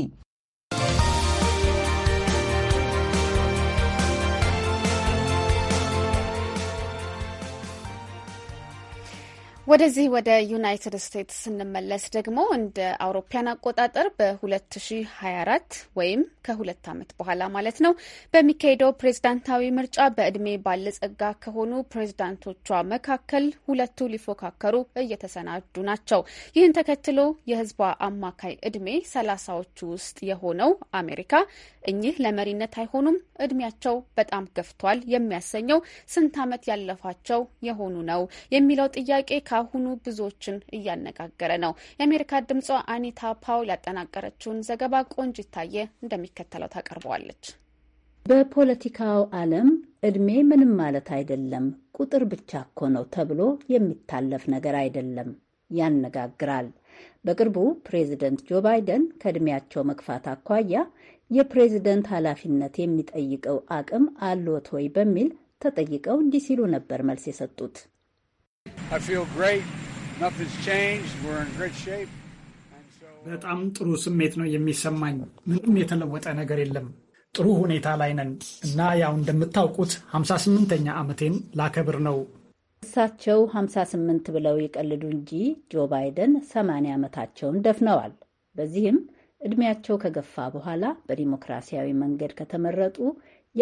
ወደዚህ ወደ ዩናይትድ ስቴትስ ስንመለስ ደግሞ እንደ አውሮፓያን አቆጣጠር በ2024 ወይም ከሁለት ዓመት በኋላ ማለት ነው በሚካሄደው ፕሬዝዳንታዊ ምርጫ በእድሜ ባለጸጋ ከሆኑ ፕሬዝዳንቶቿ መካከል ሁለቱ ሊፎካከሩ እየተሰናዱ ናቸው። ይህን ተከትሎ የህዝቧ አማካይ እድሜ ሰላሳዎቹ ውስጥ የሆነው አሜሪካ እኚህ ለመሪነት አይሆኑም፣ እድሜያቸው በጣም ገፍቷል የሚያሰኘው ስንት ዓመት ያለፋቸው የሆኑ ነው የሚለው ጥያቄ ካሁኑ ብዙዎችን እያነጋገረ ነው። የአሜሪካ ድምጿ አኒታ ፓውል ያጠናቀረችውን ዘገባ ቆንጅ ይታየ እንደሚከተለው ታቀርበዋለች። በፖለቲካው ዓለም እድሜ ምንም ማለት አይደለም፣ ቁጥር ብቻ እኮ ነው ተብሎ የሚታለፍ ነገር አይደለም። ያነጋግራል። በቅርቡ ፕሬዚደንት ጆ ባይደን ከእድሜያቸው መግፋት አኳያ የፕሬዚደንት ኃላፊነት የሚጠይቀው አቅም አሎት ወይ በሚል ተጠይቀው እንዲህ ሲሉ ነበር መልስ የሰጡት። Uh, በጣም ጥሩ ስሜት ነው የሚሰማኝ። ምንም የተለወጠ ነገር የለም። ጥሩ ሁኔታ ላይ ነን እና ያው እንደምታውቁት 58ኛ ዓመቴን ላከብር ነው። እሳቸው 58 ብለው ይቀልዱ እንጂ ጆ ባይደን 80 ዓመታቸውን ደፍነዋል። በዚህም እድሜያቸው ከገፋ በኋላ በዲሞክራሲያዊ መንገድ ከተመረጡ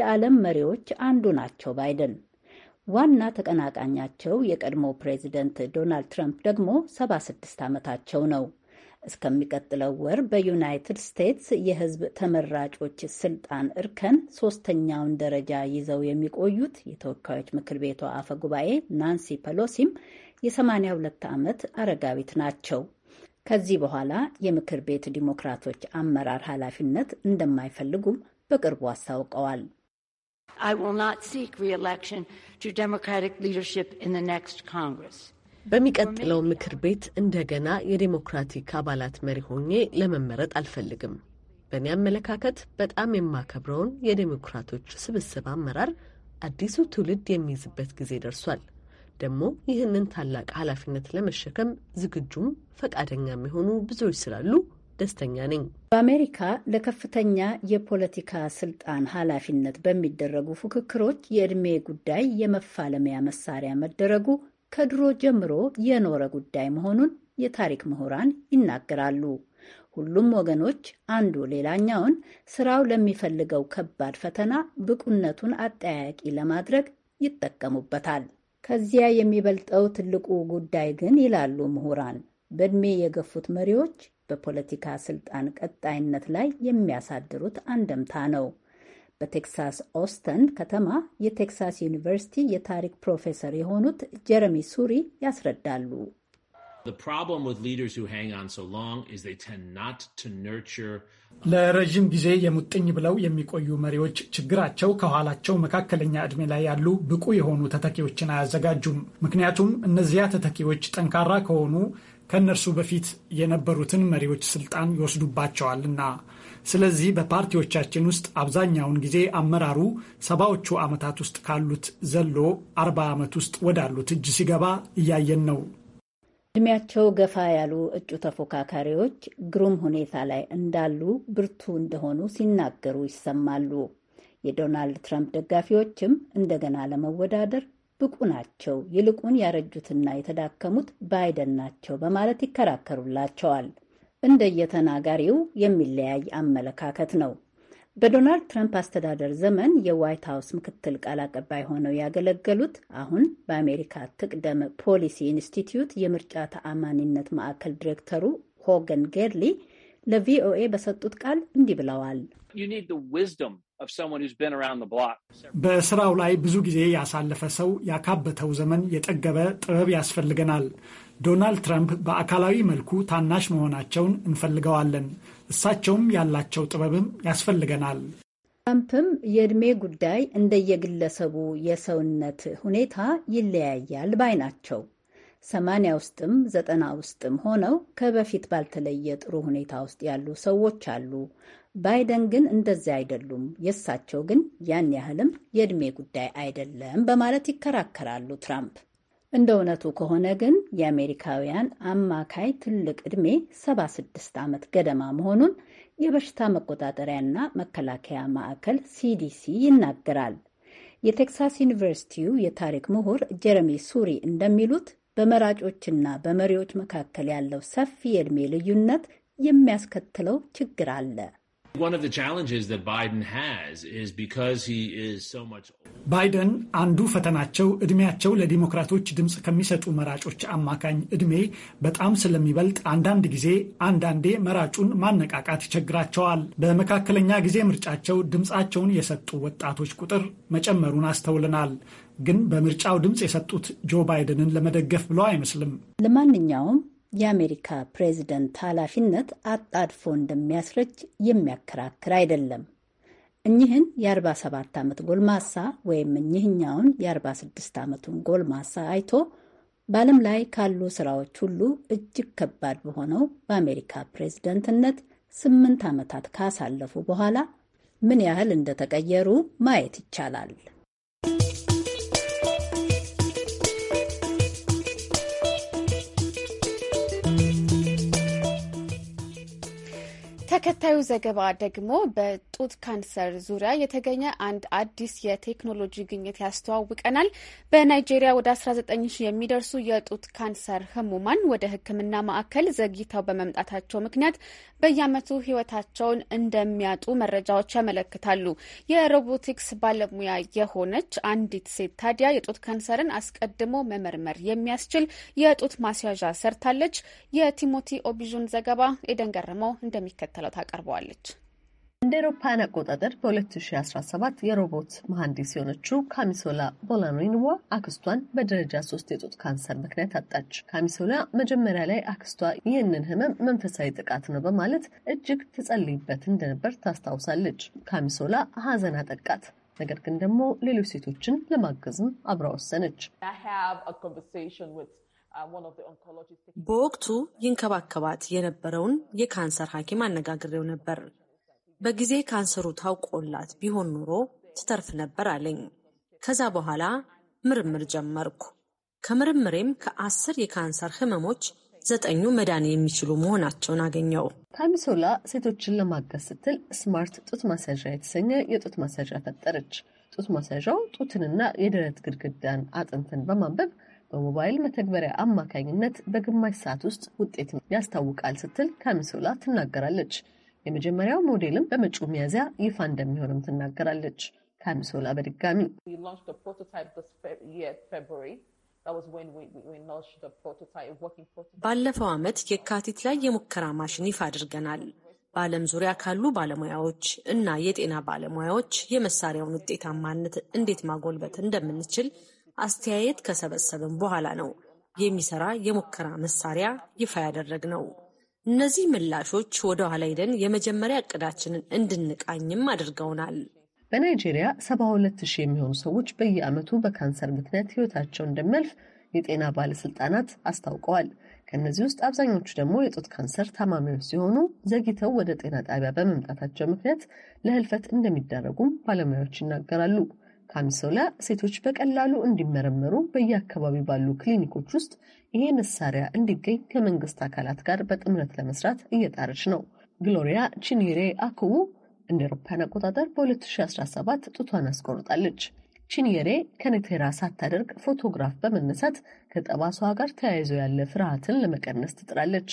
የዓለም መሪዎች አንዱ ናቸው ባይደን ዋና ተቀናቃኛቸው የቀድሞ ፕሬዚደንት ዶናልድ ትራምፕ ደግሞ 76 ዓመታቸው ነው። እስከሚቀጥለው ወር በዩናይትድ ስቴትስ የሕዝብ ተመራጮች ስልጣን እርከን ሶስተኛውን ደረጃ ይዘው የሚቆዩት የተወካዮች ምክር ቤቷ አፈ ጉባኤ ናንሲ ፐሎሲም የ82 ዓመት አረጋዊት ናቸው። ከዚህ በኋላ የምክር ቤት ዲሞክራቶች አመራር ኃላፊነት እንደማይፈልጉም በቅርቡ አስታውቀዋል። I will not seek re-election to Democratic leadership in the next Congress. በሚቀጥለው ምክር ቤት እንደገና የዴሞክራቲክ አባላት መሪ ሆኜ ለመመረጥ አልፈልግም። በእኔ አመለካከት በጣም የማከብረውን የዴሞክራቶች ስብስብ አመራር አዲሱ ትውልድ የሚይዝበት ጊዜ ደርሷል። ደግሞ ይህንን ታላቅ ኃላፊነት ለመሸከም ዝግጁም ፈቃደኛም የሆኑ ብዙዎች ስላሉ ደስተኛ ነኝ። በአሜሪካ ለከፍተኛ የፖለቲካ ስልጣን ኃላፊነት በሚደረጉ ፉክክሮች የእድሜ ጉዳይ የመፋለሚያ መሳሪያ መደረጉ ከድሮ ጀምሮ የኖረ ጉዳይ መሆኑን የታሪክ ምሁራን ይናገራሉ። ሁሉም ወገኖች አንዱ ሌላኛውን ስራው ለሚፈልገው ከባድ ፈተና ብቁነቱን አጠያያቂ ለማድረግ ይጠቀሙበታል። ከዚያ የሚበልጠው ትልቁ ጉዳይ ግን ይላሉ ምሁራን፣ በእድሜ የገፉት መሪዎች በፖለቲካ ስልጣን ቀጣይነት ላይ የሚያሳድሩት አንደምታ ነው። በቴክሳስ ኦስተን ከተማ የቴክሳስ ዩኒቨርሲቲ የታሪክ ፕሮፌሰር የሆኑት ጀረሚ ሱሪ ያስረዳሉ። ለረዥም ጊዜ የሙጥኝ ብለው የሚቆዩ መሪዎች ችግራቸው ከኋላቸው መካከለኛ ዕድሜ ላይ ያሉ ብቁ የሆኑ ተተኪዎችን አያዘጋጁም። ምክንያቱም እነዚያ ተተኪዎች ጠንካራ ከሆኑ ከእነርሱ በፊት የነበሩትን መሪዎች ስልጣን ይወስዱባቸዋልና። ስለዚህ በፓርቲዎቻችን ውስጥ አብዛኛውን ጊዜ አመራሩ ሰባዎቹ ዓመታት ውስጥ ካሉት ዘሎ አርባ ዓመት ውስጥ ወዳሉት እጅ ሲገባ እያየን ነው። እድሜያቸው ገፋ ያሉ እጩ ተፎካካሪዎች ግሩም ሁኔታ ላይ እንዳሉ፣ ብርቱ እንደሆኑ ሲናገሩ ይሰማሉ። የዶናልድ ትራምፕ ደጋፊዎችም እንደገና ለመወዳደር ብቁ ናቸው፣ ይልቁን ያረጁትና የተዳከሙት ባይደን ናቸው በማለት ይከራከሩላቸዋል። እንደየተናጋሪው የሚለያይ አመለካከት ነው። በዶናልድ ትራምፕ አስተዳደር ዘመን የዋይት ሀውስ ምክትል ቃል አቀባይ ሆነው ያገለገሉት አሁን በአሜሪካ ትቅደም ፖሊሲ ኢንስቲትዩት የምርጫ ተአማኒነት ማዕከል ዲሬክተሩ ሆገን ጌርሊ ለቪኦኤ በሰጡት ቃል እንዲህ ብለዋል። በስራው ላይ ብዙ ጊዜ ያሳለፈ ሰው ያካበተው ዘመን የጠገበ ጥበብ ያስፈልገናል። ዶናልድ ትራምፕ በአካላዊ መልኩ ታናሽ መሆናቸውን እንፈልገዋለን። እሳቸውም ያላቸው ጥበብም ያስፈልገናል። ትራምፕም የእድሜ ጉዳይ እንደየግለሰቡ የሰውነት ሁኔታ ይለያያል ባይ ናቸው። ሰማንያ ውስጥም ዘጠና ውስጥም ሆነው ከበፊት ባልተለየ ጥሩ ሁኔታ ውስጥ ያሉ ሰዎች አሉ። ባይደን ግን እንደዚያ አይደሉም፣ የእሳቸው ግን ያን ያህልም የዕድሜ ጉዳይ አይደለም በማለት ይከራከራሉ ትራምፕ። እንደ እውነቱ ከሆነ ግን የአሜሪካውያን አማካይ ትልቅ ዕድሜ 76 ዓመት ገደማ መሆኑን የበሽታ መቆጣጠሪያና መከላከያ ማዕከል ሲዲሲ ይናገራል። የቴክሳስ ዩኒቨርሲቲው የታሪክ ምሁር ጀረሚ ሱሪ እንደሚሉት በመራጮችና በመሪዎች መካከል ያለው ሰፊ የዕድሜ ልዩነት የሚያስከትለው ችግር አለ። ባይደን አንዱ ፈተናቸው እድሜያቸው ለዲሞክራቶች ድምፅ ከሚሰጡ መራጮች አማካኝ እድሜ በጣም ስለሚበልጥ አንዳንድ ጊዜ አንዳንዴ መራጩን ማነቃቃት ይቸግራቸዋል። በመካከለኛ ጊዜ ምርጫቸው ድምፃቸውን የሰጡ ወጣቶች ቁጥር መጨመሩን አስተውለናል። ግን በምርጫው ድምፅ የሰጡት ጆ ባይደንን ለመደገፍ ብለው አይመስልም። ለማንኛውም የአሜሪካ ፕሬዝደንት ኃላፊነት አጣድፎ እንደሚያስረጅ የሚያከራክር አይደለም። እኚህን የ47 ዓመት ጎልማሳ ወይም እኚህኛውን የ46 ዓመቱን ጎልማሳ አይቶ በዓለም ላይ ካሉ ስራዎች ሁሉ እጅግ ከባድ በሆነው በአሜሪካ ፕሬዝደንትነት ስምንት ዓመታት ካሳለፉ በኋላ ምን ያህል እንደተቀየሩ ማየት ይቻላል። ተከታዩ ዘገባ ደግሞ በጡት ካንሰር ዙሪያ የተገኘ አንድ አዲስ የቴክኖሎጂ ግኝት ያስተዋውቀናል። በናይጄሪያ ወደ 19 ሺህ የሚደርሱ የጡት ካንሰር ህሙማን ወደ ሕክምና ማዕከል ዘግይተው በመምጣታቸው ምክንያት በየዓመቱ ህይወታቸውን እንደሚያጡ መረጃዎች ያመለክታሉ። የሮቦቲክስ ባለሙያ የሆነች አንዲት ሴት ታዲያ የጡት ካንሰርን አስቀድሞ መመርመር የሚያስችል የጡት ማስያዣ ሰርታለች። የቲሞቲ ኦቢዥን ዘገባ ኤደን ገረመው እንደሚከተለው ታቀርበዋለች። እንደ ኤሮፓያን አቆጣጠር በ2017 የሮቦት መሐንዲስ የሆነችው ካሚሶላ ቦላኖንዋ አክስቷን በደረጃ ሶስት የጡት ካንሰር ምክንያት አጣች። ካሚሶላ መጀመሪያ ላይ አክስቷ ይህንን ህመም መንፈሳዊ ጥቃት ነው በማለት እጅግ ትጸልይበት እንደነበር ታስታውሳለች። ካሚሶላ ሀዘን አጠቃት። ነገር ግን ደግሞ ሌሎች ሴቶችን ለማገዝም አብራ ወሰነች። Uh, በወቅቱ uh, ይንከባከባት የነበረውን የካንሰር ሐኪም አነጋግሬው ነበር። በጊዜ ካንሰሩ ታውቆላት ቢሆን ኖሮ ትተርፍ ነበር አለኝ። ከዛ በኋላ ምርምር ጀመርኩ። ከምርምሬም ከአስር የካንሰር ህመሞች ዘጠኙ መዳን የሚችሉ መሆናቸውን አገኘው። ካሚሶላ ሴቶችን ለማገዝ ስትል ስማርት ጡት ማሰዣ የተሰኘ የጡት ማሰዣ ፈጠረች። ጡት ማሰዣው ጡትንና የደረት ግድግዳን አጥንትን በማንበብ በሞባይል መተግበሪያ አማካኝነት በግማሽ ሰዓት ውስጥ ውጤት ያስታውቃል ስትል ካሚሶላ ትናገራለች። የመጀመሪያው ሞዴልም በመጪው ሚያዝያ ይፋ እንደሚሆንም ትናገራለች። ካሚሶላ በድጋሚ ባለፈው ዓመት የካቲት ላይ የሙከራ ማሽን ይፋ አድርገናል። በዓለም ዙሪያ ካሉ ባለሙያዎች እና የጤና ባለሙያዎች የመሳሪያውን ውጤታማነት እንዴት ማጎልበት እንደምንችል አስተያየት ከሰበሰብን በኋላ ነው የሚሰራ የሙከራ መሳሪያ ይፋ ያደረግነው። እነዚህ ምላሾች ወደ ኋላ ሄደን የመጀመሪያ እቅዳችንን እንድንቃኝም አድርገውናል። በናይጄሪያ 72 ሺህ የሚሆኑ ሰዎች በየዓመቱ በካንሰር ምክንያት ሕይወታቸው እንደሚያልፍ የጤና ባለስልጣናት አስታውቀዋል። ከእነዚህ ውስጥ አብዛኞቹ ደግሞ የጡት ካንሰር ታማሚዎች ሲሆኑ ዘግይተው ወደ ጤና ጣቢያ በመምጣታቸው ምክንያት ለህልፈት እንደሚደረጉም ባለሙያዎች ይናገራሉ። ካሚሶላ ሴቶች በቀላሉ እንዲመረመሩ በየአካባቢው ባሉ ክሊኒኮች ውስጥ ይሄ መሳሪያ እንዲገኝ ከመንግስት አካላት ጋር በጥምረት ለመስራት እየጣረች ነው። ግሎሪያ ቺኒሬ አኩቡ እንደ አውሮፓውያን አቆጣጠር በ2017 ጡቷን አስቆርጣለች። ቺኒሬ ከኔቴራ ሳታደርግ ፎቶግራፍ በመነሳት ከጠባሷ ጋር ተያይዞ ያለ ፍርሃትን ለመቀነስ ትጥራለች።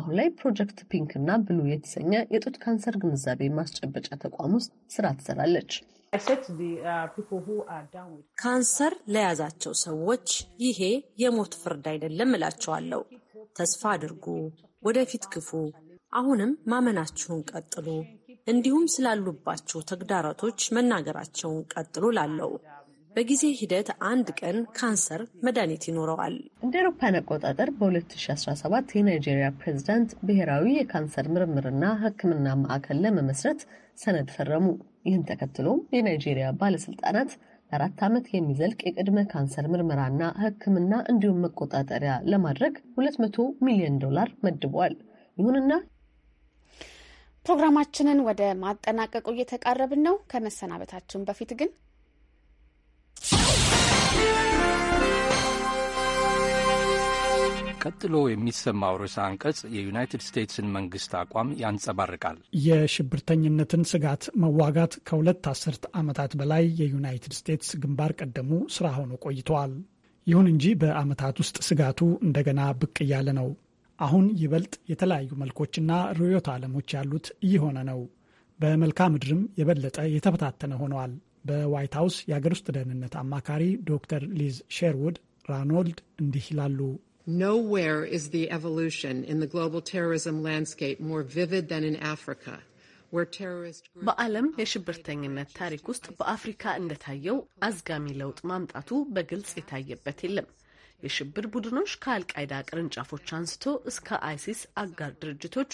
አሁን ላይ ፕሮጀክት ፒንክ እና ብሉ የተሰኘ የጡት ካንሰር ግንዛቤ ማስጨበጫ ተቋም ውስጥ ስራ ትሰራለች። Uh, ካንሰር ለያዛቸው ሰዎች ይሄ የሞት ፍርድ አይደለም እላቸዋለሁ። ተስፋ አድርጉ፣ ወደፊት ግፉ፣ አሁንም ማመናችሁን ቀጥሉ፣ እንዲሁም ስላሉባቸው ተግዳሮቶች መናገራቸውን ቀጥሉ ላለው በጊዜ ሂደት አንድ ቀን ካንሰር መድኃኒት ይኖረዋል። እንደ አውሮፓውያን አቆጣጠር በ2017 የናይጄሪያ ፕሬዚዳንት ብሔራዊ የካንሰር ምርምርና ሕክምና ማዕከል ለመመስረት ሰነድ ፈረሙ። ይህን ተከትሎም የናይጄሪያ ባለስልጣናት ለአራት ዓመት የሚዘልቅ የቅድመ ካንሰር ምርመራና ሕክምና እንዲሁም መቆጣጠሪያ ለማድረግ 200 ሚሊዮን ዶላር መድበዋል። ይሁንና ፕሮግራማችንን ወደ ማጠናቀቁ እየተቃረብን ነው። ከመሰናበታችን በፊት ግን ቀጥሎ የሚሰማው ርዕሰ አንቀጽ የዩናይትድ ስቴትስን መንግስት አቋም ያንጸባርቃል። የሽብርተኝነትን ስጋት መዋጋት ከሁለት አስርት ዓመታት በላይ የዩናይትድ ስቴትስ ግንባር ቀደሙ ስራ ሆኖ ቆይተዋል። ይሁን እንጂ በዓመታት ውስጥ ስጋቱ እንደገና ብቅ እያለ ነው። አሁን ይበልጥ የተለያዩ መልኮችና ርዕዮተ ዓለሞች ያሉት እየሆነ ነው። በመልክዓ ምድርም የበለጠ የተበታተነ ሆነዋል። በዋይት ሀውስ የአገር ውስጥ ደህንነት አማካሪ ዶክተር ሊዝ ሼርውድ ራኖልድ እንዲህ ይላሉ። Nowhere is the evolution in the global terrorism landscape more vivid than in Africa. በዓለም የሽብርተኝነት ታሪክ ውስጥ በአፍሪካ እንደታየው አዝጋሚ ለውጥ ማምጣቱ በግልጽ የታየበት የለም። የሽብር ቡድኖች ከአልቃይዳ ቅርንጫፎች አንስቶ እስከ አይሲስ አጋር ድርጅቶች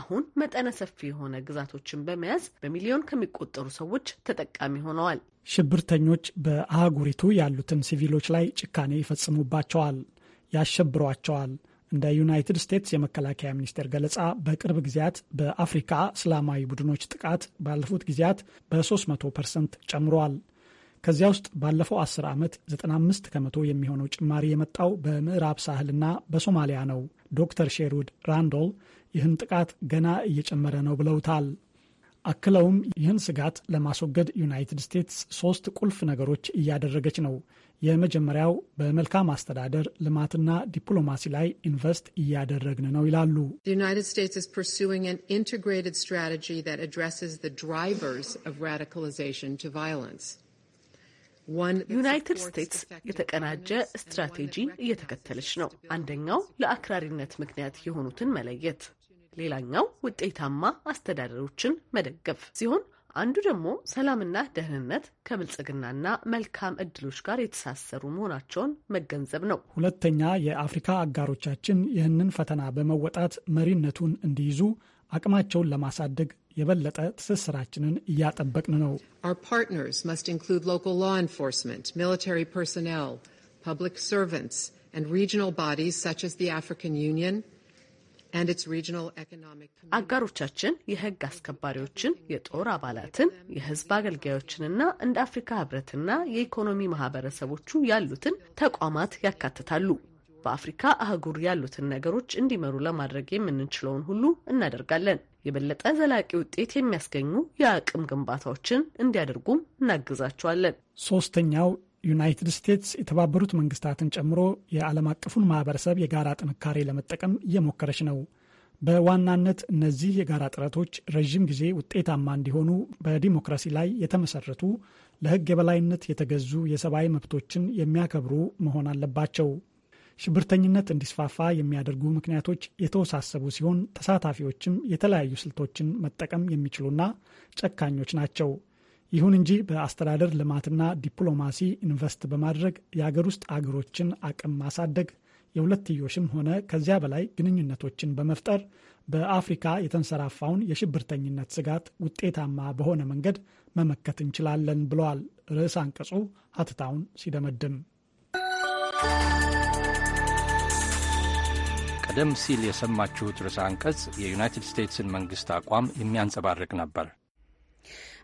አሁን መጠነ ሰፊ የሆነ ግዛቶችን በመያዝ በሚሊዮን ከሚቆጠሩ ሰዎች ተጠቃሚ ሆነዋል። ሽብርተኞች በአህጉሪቱ ያሉትን ሲቪሎች ላይ ጭካኔ ይፈጽሙባቸዋል። ያሸብሯቸዋል። እንደ ዩናይትድ ስቴትስ የመከላከያ ሚኒስቴር ገለጻ በቅርብ ጊዜያት በአፍሪካ እስላማዊ ቡድኖች ጥቃት ባለፉት ጊዜያት በ300 ፐርሰንት ጨምሯል። ከዚያ ውስጥ ባለፈው 10 ዓመት 95 ከመቶ የሚሆነው ጭማሪ የመጣው በምዕራብ ሳህልና በሶማሊያ ነው። ዶክተር ሼሩድ ራንዶል ይህን ጥቃት ገና እየጨመረ ነው ብለውታል። አክለውም ይህን ስጋት ለማስወገድ ዩናይትድ ስቴትስ ሶስት ቁልፍ ነገሮች እያደረገች ነው። የመጀመሪያው በመልካም አስተዳደር ልማትና ዲፕሎማሲ ላይ ኢንቨስት እያደረግን ነው ይላሉ። ዩናይትድ ስቴትስ የተቀናጀ ስትራቴጂ እየተከተለች ነው። አንደኛው ለአክራሪነት ምክንያት የሆኑትን መለየት ሌላኛው ውጤታማ አስተዳደሮችን መደገፍ ሲሆን አንዱ ደግሞ ሰላምና ደህንነት ከብልጽግናና መልካም እድሎች ጋር የተሳሰሩ መሆናቸውን መገንዘብ ነው። ሁለተኛ የአፍሪካ አጋሮቻችን ይህንን ፈተና በመወጣት መሪነቱን እንዲይዙ አቅማቸውን ለማሳደግ የበለጠ ትስስራችንን እያጠበቅን ነው። Our partners must include local law enforcement, military personnel, public servants, and regional bodies such as the African Union, አጋሮቻችን የህግ አስከባሪዎችን፣ የጦር አባላትን፣ የህዝብ አገልጋዮችንና እንደ አፍሪካ ህብረትና የኢኮኖሚ ማህበረሰቦቹ ያሉትን ተቋማት ያካትታሉ። በአፍሪካ አህጉር ያሉትን ነገሮች እንዲመሩ ለማድረግ የምንችለውን ሁሉ እናደርጋለን። የበለጠ ዘላቂ ውጤት የሚያስገኙ የአቅም ግንባታዎችን እንዲያደርጉም እናግዛቸዋለን። ሶስተኛው ዩናይትድ ስቴትስ የተባበሩት መንግስታትን ጨምሮ የዓለም አቀፉን ማህበረሰብ የጋራ ጥንካሬ ለመጠቀም እየሞከረች ነው። በዋናነት እነዚህ የጋራ ጥረቶች ረዥም ጊዜ ውጤታማ እንዲሆኑ በዲሞክራሲ ላይ የተመሰረቱ ለሕግ የበላይነት የተገዙ የሰብአዊ መብቶችን የሚያከብሩ መሆን አለባቸው። ሽብርተኝነት እንዲስፋፋ የሚያደርጉ ምክንያቶች የተወሳሰቡ ሲሆን ተሳታፊዎችም የተለያዩ ስልቶችን መጠቀም የሚችሉና ጨካኞች ናቸው። ይሁን እንጂ በአስተዳደር ልማትና ዲፕሎማሲ ኢንቨስት በማድረግ የአገር ውስጥ አገሮችን አቅም ማሳደግ የሁለትዮሽም ሆነ ከዚያ በላይ ግንኙነቶችን በመፍጠር በአፍሪካ የተንሰራፋውን የሽብርተኝነት ስጋት ውጤታማ በሆነ መንገድ መመከት እንችላለን ብለዋል ርዕስ አንቀጹ ሀተታውን ሲደመድም። ቀደም ሲል የሰማችሁት ርዕስ አንቀጽ የዩናይትድ ስቴትስን መንግስት አቋም የሚያንጸባርቅ ነበር።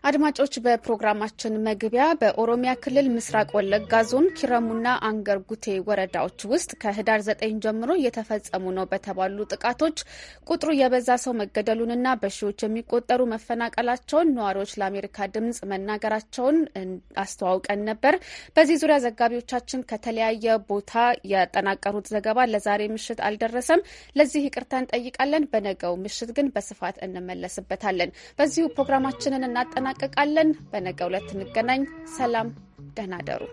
አድማጮች በፕሮግራማችን መግቢያ በኦሮሚያ ክልል ምስራቅ ወለጋ ዞን ኪረሙና አንገር ጉቴ ወረዳዎች ውስጥ ከህዳር ዘጠኝ ጀምሮ እየተፈጸሙ ነው በተባሉ ጥቃቶች ቁጥሩ የበዛ ሰው መገደሉንና በሺዎች የሚቆጠሩ መፈናቀላቸውን ነዋሪዎች ለአሜሪካ ድምጽ መናገራቸውን አስተዋውቀን ነበር። በዚህ ዙሪያ ዘጋቢዎቻችን ከተለያየ ቦታ ያጠናቀሩት ዘገባ ለዛሬ ምሽት አልደረሰም። ለዚህ ይቅርታ እንጠይቃለን። በነገው ምሽት ግን በስፋት እንመለስበታለን። በዚሁ ፕሮግራማችንን እናጠና እንጠናቀቃለን። በነገ ዕለት እንገናኝ። ሰላም፣ ደህና ደሩ።